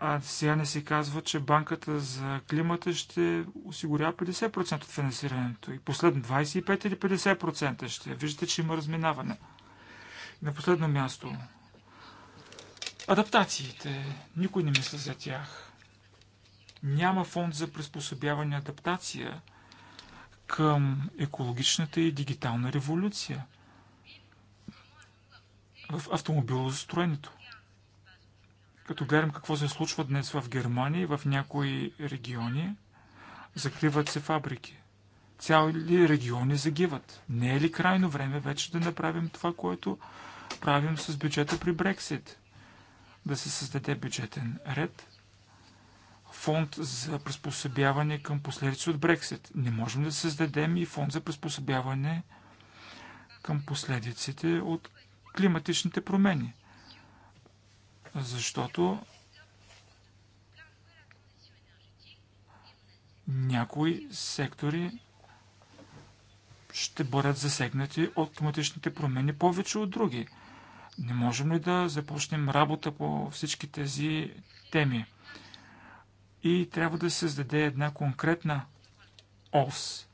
А сега не се казва, че банката за климата ще осигурява 50% от финансирането. И последно 25 или 50% ще. Виждате, че има разминаване. И на последно място. Адаптациите. Никой не мисля за тях. Няма фонд за приспособяване и адаптация – към екологичната и дигитална революция в автомобилостроенето. Като гледам какво се случва днес в Германия и в някои региони, закриват се фабрики. Цяли региони загиват. Не е ли крайно време вече да направим това, което правим с бюджета при Брексит? Да се създаде бюджетен ред, фонд за приспособяване към последици от Брексит. Не можем да създадем и фонд за приспособяване към последиците от климатичните промени. Защото някои сектори ще бъдат засегнати от климатичните промени повече от други. Не можем ли да започнем работа по всички тези теми? и трябва да се създаде една конкретна ОС.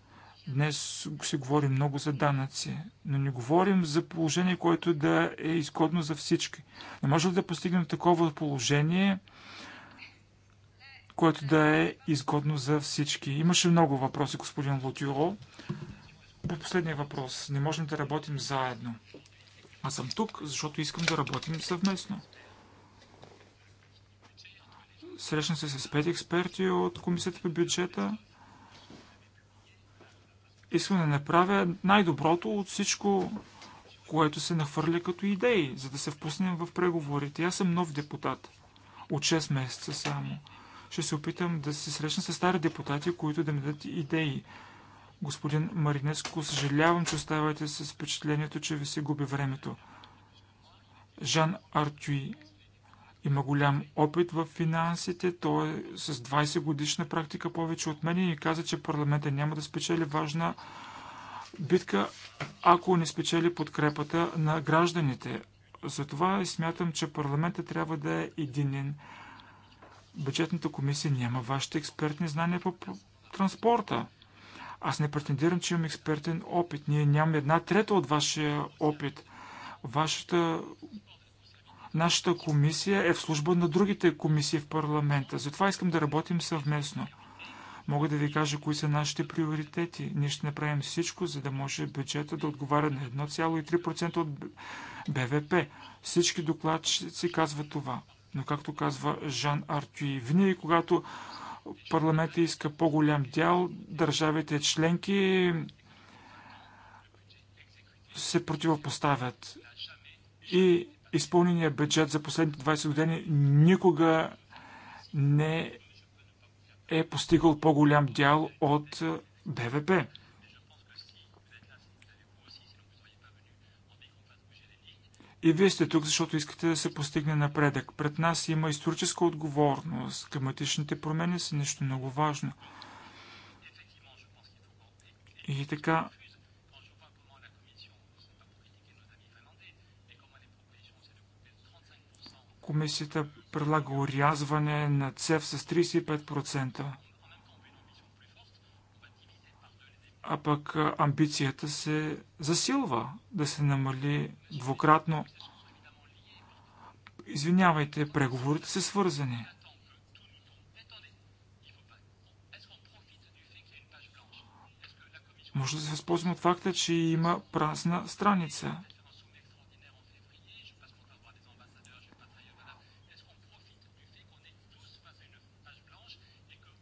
Днес се говори много за данъци, но не говорим за положение, което да е изгодно за всички. Не може да постигнем такова положение, което да е изгодно за всички. Имаше много въпроси, господин Лотюро. По последния въпрос. Не можем да работим заедно. Аз съм тук, защото искам да работим съвместно. Срещна се с пет експерти от Комисията по бюджета. Искам да направя най-доброто от всичко, което се нахвърля като идеи, за да се впуснем в преговорите. Аз съм нов депутат. От 6 месеца само. Ще се опитам да се срещна с стари депутати, които да ми дадат идеи. Господин Маринеско, съжалявам, че оставате с впечатлението, че ви се губи времето. Жан Артюи има голям опит в финансите, той е с 20 годишна практика повече от мен и каза, че парламента няма да спечели важна битка, ако не спечели подкрепата на гражданите. Затова смятам, че парламента трябва да е единен. Бюджетната комисия няма вашите експертни знания по транспорта. Аз не претендирам, че имам експертен опит. Ние нямаме една трета от вашия опит. Вашата Нашата комисия е в служба на другите комисии в парламента. Затова искам да работим съвместно. Мога да ви кажа кои са нашите приоритети. Ние ще направим всичко, за да може бюджета да отговаря на 1,3% от БВП. Всички докладчици казват това. Но както казва Жан Артюи, винаги когато парламентът иска по-голям дял, държавите членки се противопоставят. И изпълнения бюджет за последните 20 години никога не е постигал по-голям дял от БВП. И вие сте тук, защото искате да се постигне напредък. Пред нас има историческа отговорност. Климатичните промени са нещо много важно. И така, Комисията предлага урязване на ЦЕВ с 35%, а пък амбицията се засилва да се намали двукратно. Извинявайте, преговорите са свързани. Може да се възползваме от факта, че има празна страница.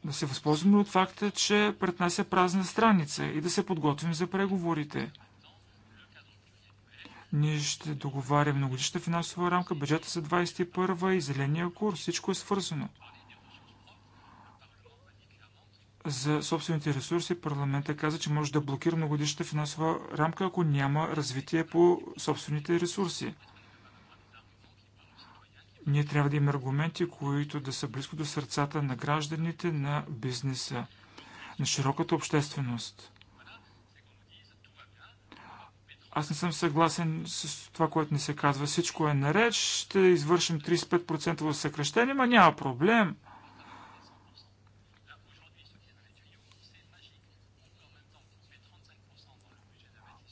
да се възползваме от факта, че пред нас е празна страница и да се подготвим за преговорите. Ние ще договаряме многогодишна финансова рамка, бюджета за 21 и зеления курс. Всичко е свързано. За собствените ресурси парламента каза, че може да блокира многодишната финансова рамка, ако няма развитие по собствените ресурси. Ние трябва да имаме аргументи, които да са близко до сърцата на гражданите, на бизнеса, на широката общественост. Аз не съм съгласен с това, което ни се казва. Всичко е наред, ще извършим 35% съкръщение, но няма проблем.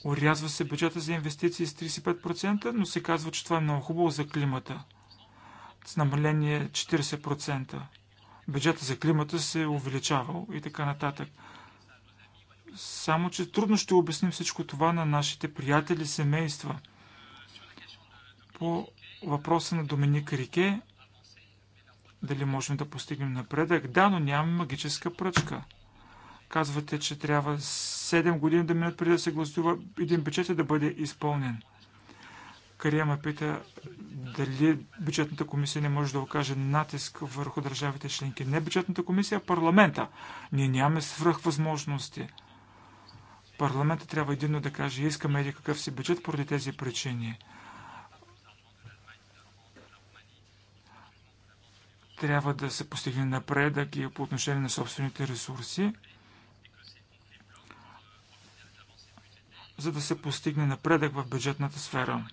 Орязва се бюджета за инвестиции с 35%, но се казва, че това е много хубаво за климата с намаление 40%. Бюджета за климата се е увеличавал и така нататък. Само, че трудно ще обясним всичко това на нашите приятели, семейства. По въпроса на Доминик Рике, дали можем да постигнем напредък? Да, но нямаме магическа пръчка. Казвате, че трябва 7 години да минат преди да се гласува един бюджет да бъде изпълнен. Кария ме пита дали бюджетната комисия не може да окаже натиск върху държавите членки. Не бюджетната комисия, а парламента. Ние нямаме свръхвъзможности. Парламента трябва единно да каже, искаме ли какъв си бюджет поради тези причини. Трябва да се постигне напредък и по отношение на собствените ресурси. за да се постигне напредък в бюджетната сфера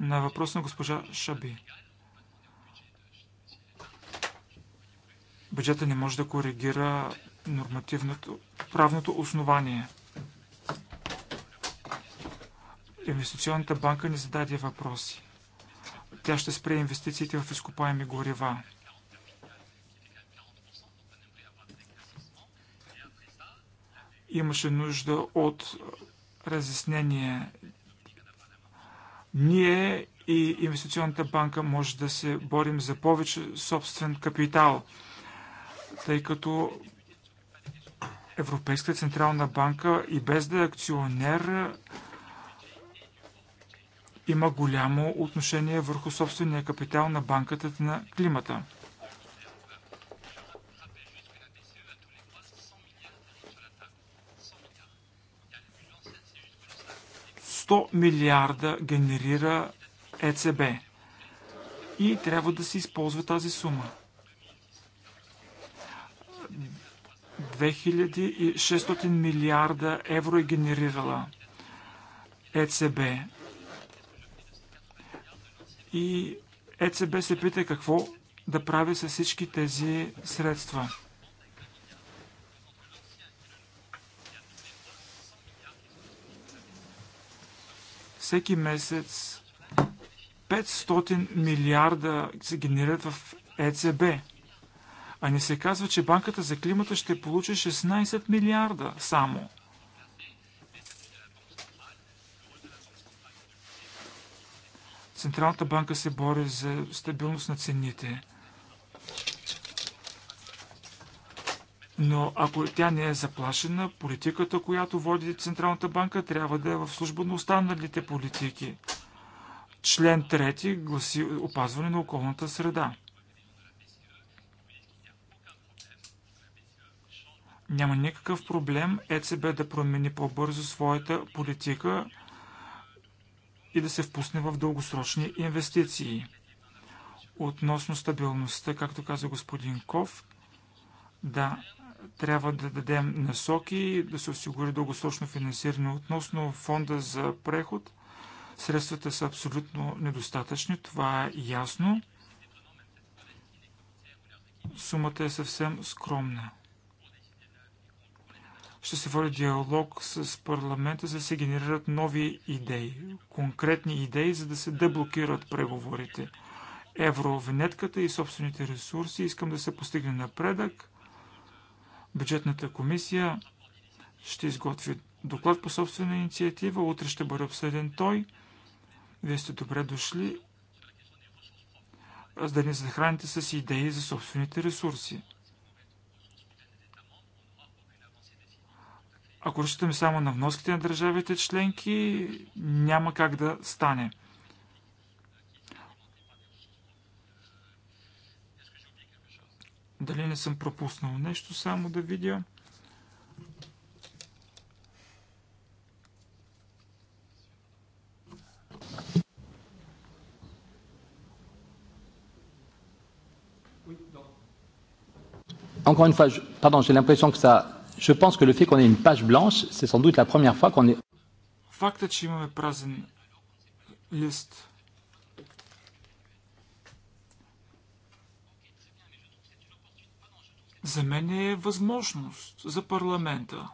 на въпрос на госпожа Шаби. Бюджета не може да коригира нормативното, правното основание. Инвестиционната банка ни зададе въпроси. Тя ще спре инвестициите в изкопаеми горива. Имаше нужда от разяснение ние и инвестиционната банка може да се борим за повече собствен капитал, тъй като Европейската централна банка и без да е акционер има голямо отношение върху собствения капитал на банката на климата. 100 милиарда генерира ЕЦБ и трябва да се използва тази сума. 2600 милиарда евро е генерирала ЕЦБ. И ЕЦБ се пита какво да прави с всички тези средства. всеки месец 500 милиарда се генерират в ЕЦБ. А не се казва, че банката за климата ще получи 16 милиарда само. Централната банка се бори за стабилност на цените. Но ако тя не е заплашена, политиката, която води Централната банка, трябва да е в служба на останалите политики. Член 3 гласи опазване на околната среда. Няма никакъв проблем ЕЦБ да промени по-бързо своята политика и да се впусне в дългосрочни инвестиции. Относно стабилността, както каза господин Ков, да, трябва да дадем насоки, да се осигури дългосрочно финансиране. Относно фонда за преход, средствата са абсолютно недостатъчни, това е ясно. Сумата е съвсем скромна. Ще се води диалог с парламента, за да се генерират нови идеи, конкретни идеи, за да се деблокират преговорите евровинетката и собствените ресурси. Искам да се постигне напредък. Бюджетната комисия ще изготви доклад по собствена инициатива. Утре ще бъде обсъден той. Вие сте добре дошли, за да ни захраните с идеи за собствените ресурси. Ако разчитаме само на вноските на държавите членки, няма как да стане. Дали не съм пропуснал нещо, само да видя. Encore une fois, je, pardon, j'ai l'impression que ça. Je pense que le fait qu'on ait une page blanche, c'est sans doute la première fois qu'on est. Фактът, че имаме празен лист за мен е възможност за парламента.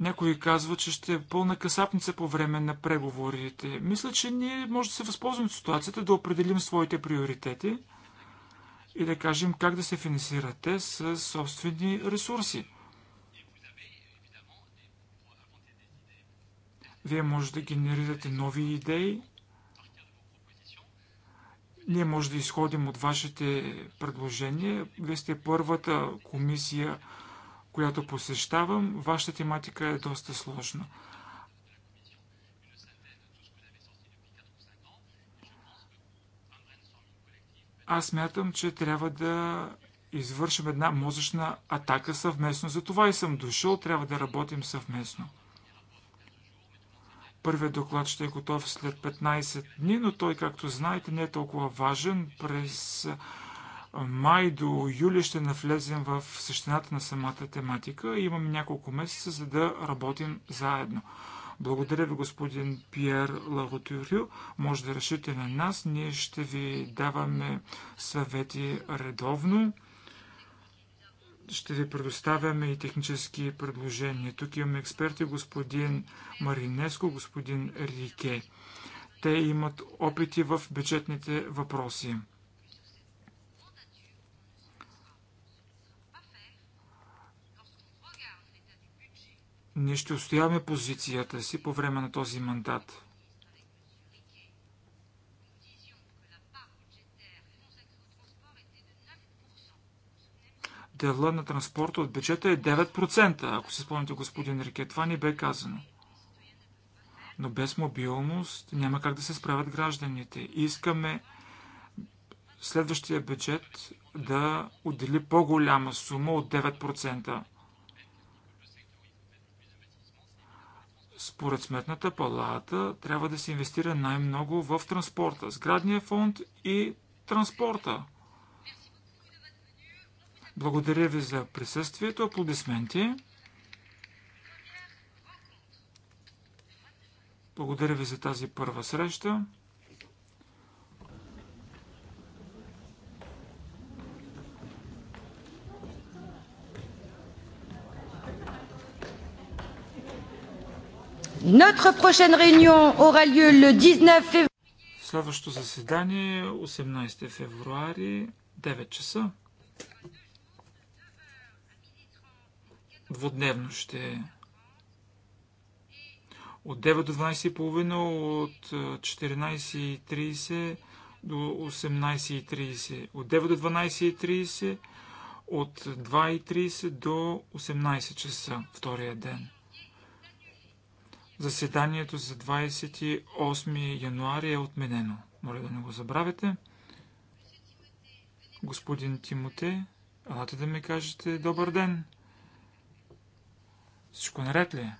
Някой казва, че ще е пълна касапница по време на преговорите. Мисля, че ние може да се възползваме от ситуацията, да определим своите приоритети и да кажем как да се финансирате с собствени ресурси. Вие може да генерирате нови идеи, ние може да изходим от вашите предложения. Вие сте първата комисия, която посещавам. Вашата тематика е доста сложна. Аз мятам, че трябва да извършим една мозъчна атака съвместно. За това и съм дошъл, трябва да работим съвместно. Първият доклад ще е готов след 15 дни, но той, както знаете, не е толкова важен. През май до юли ще навлезем в същината на самата тематика и имаме няколко месеца, за да работим заедно. Благодаря ви, господин Пьер Ларотюрю. Може да решите на нас. Ние ще ви даваме съвети редовно ще ви предоставяме и технически предложения. Тук имаме експерти господин Маринеско, господин Рике. Те имат опити в бюджетните въпроси. Ние ще устояваме позицията си по време на този мандат. дела на транспорта от бюджета е 9%, ако се спомните господин Рике. Това ни бе казано. Но без мобилност няма как да се справят гражданите. Искаме следващия бюджет да отдели по-голяма сума от 9%. Според сметната палата трябва да се инвестира най-много в транспорта, сградния фонд и транспорта. Благодаря ви за присъствието. Аплодисменти. Благодаря ви за тази първа среща. Notre prochaine réunion aura lieu le 19 février. Следващото заседание 18 е февруари 9 часа двудневно ще е. От 9 до 12.30, от 14.30 до 18.30, от 9 до 12.30, от 2.30 до 18 часа втория ден. Заседанието за 28 януари е отменено. Моля да не го забравяте. Господин Тимоте, елате да ми кажете добър ден. Всичко наред ли?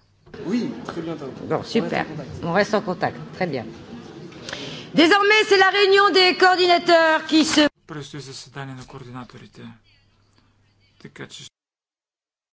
Super. On reste en contact. Très bien. Désormais, c'est la réunion des coordinateurs qui se... Предстои заседание на координаторите. Така че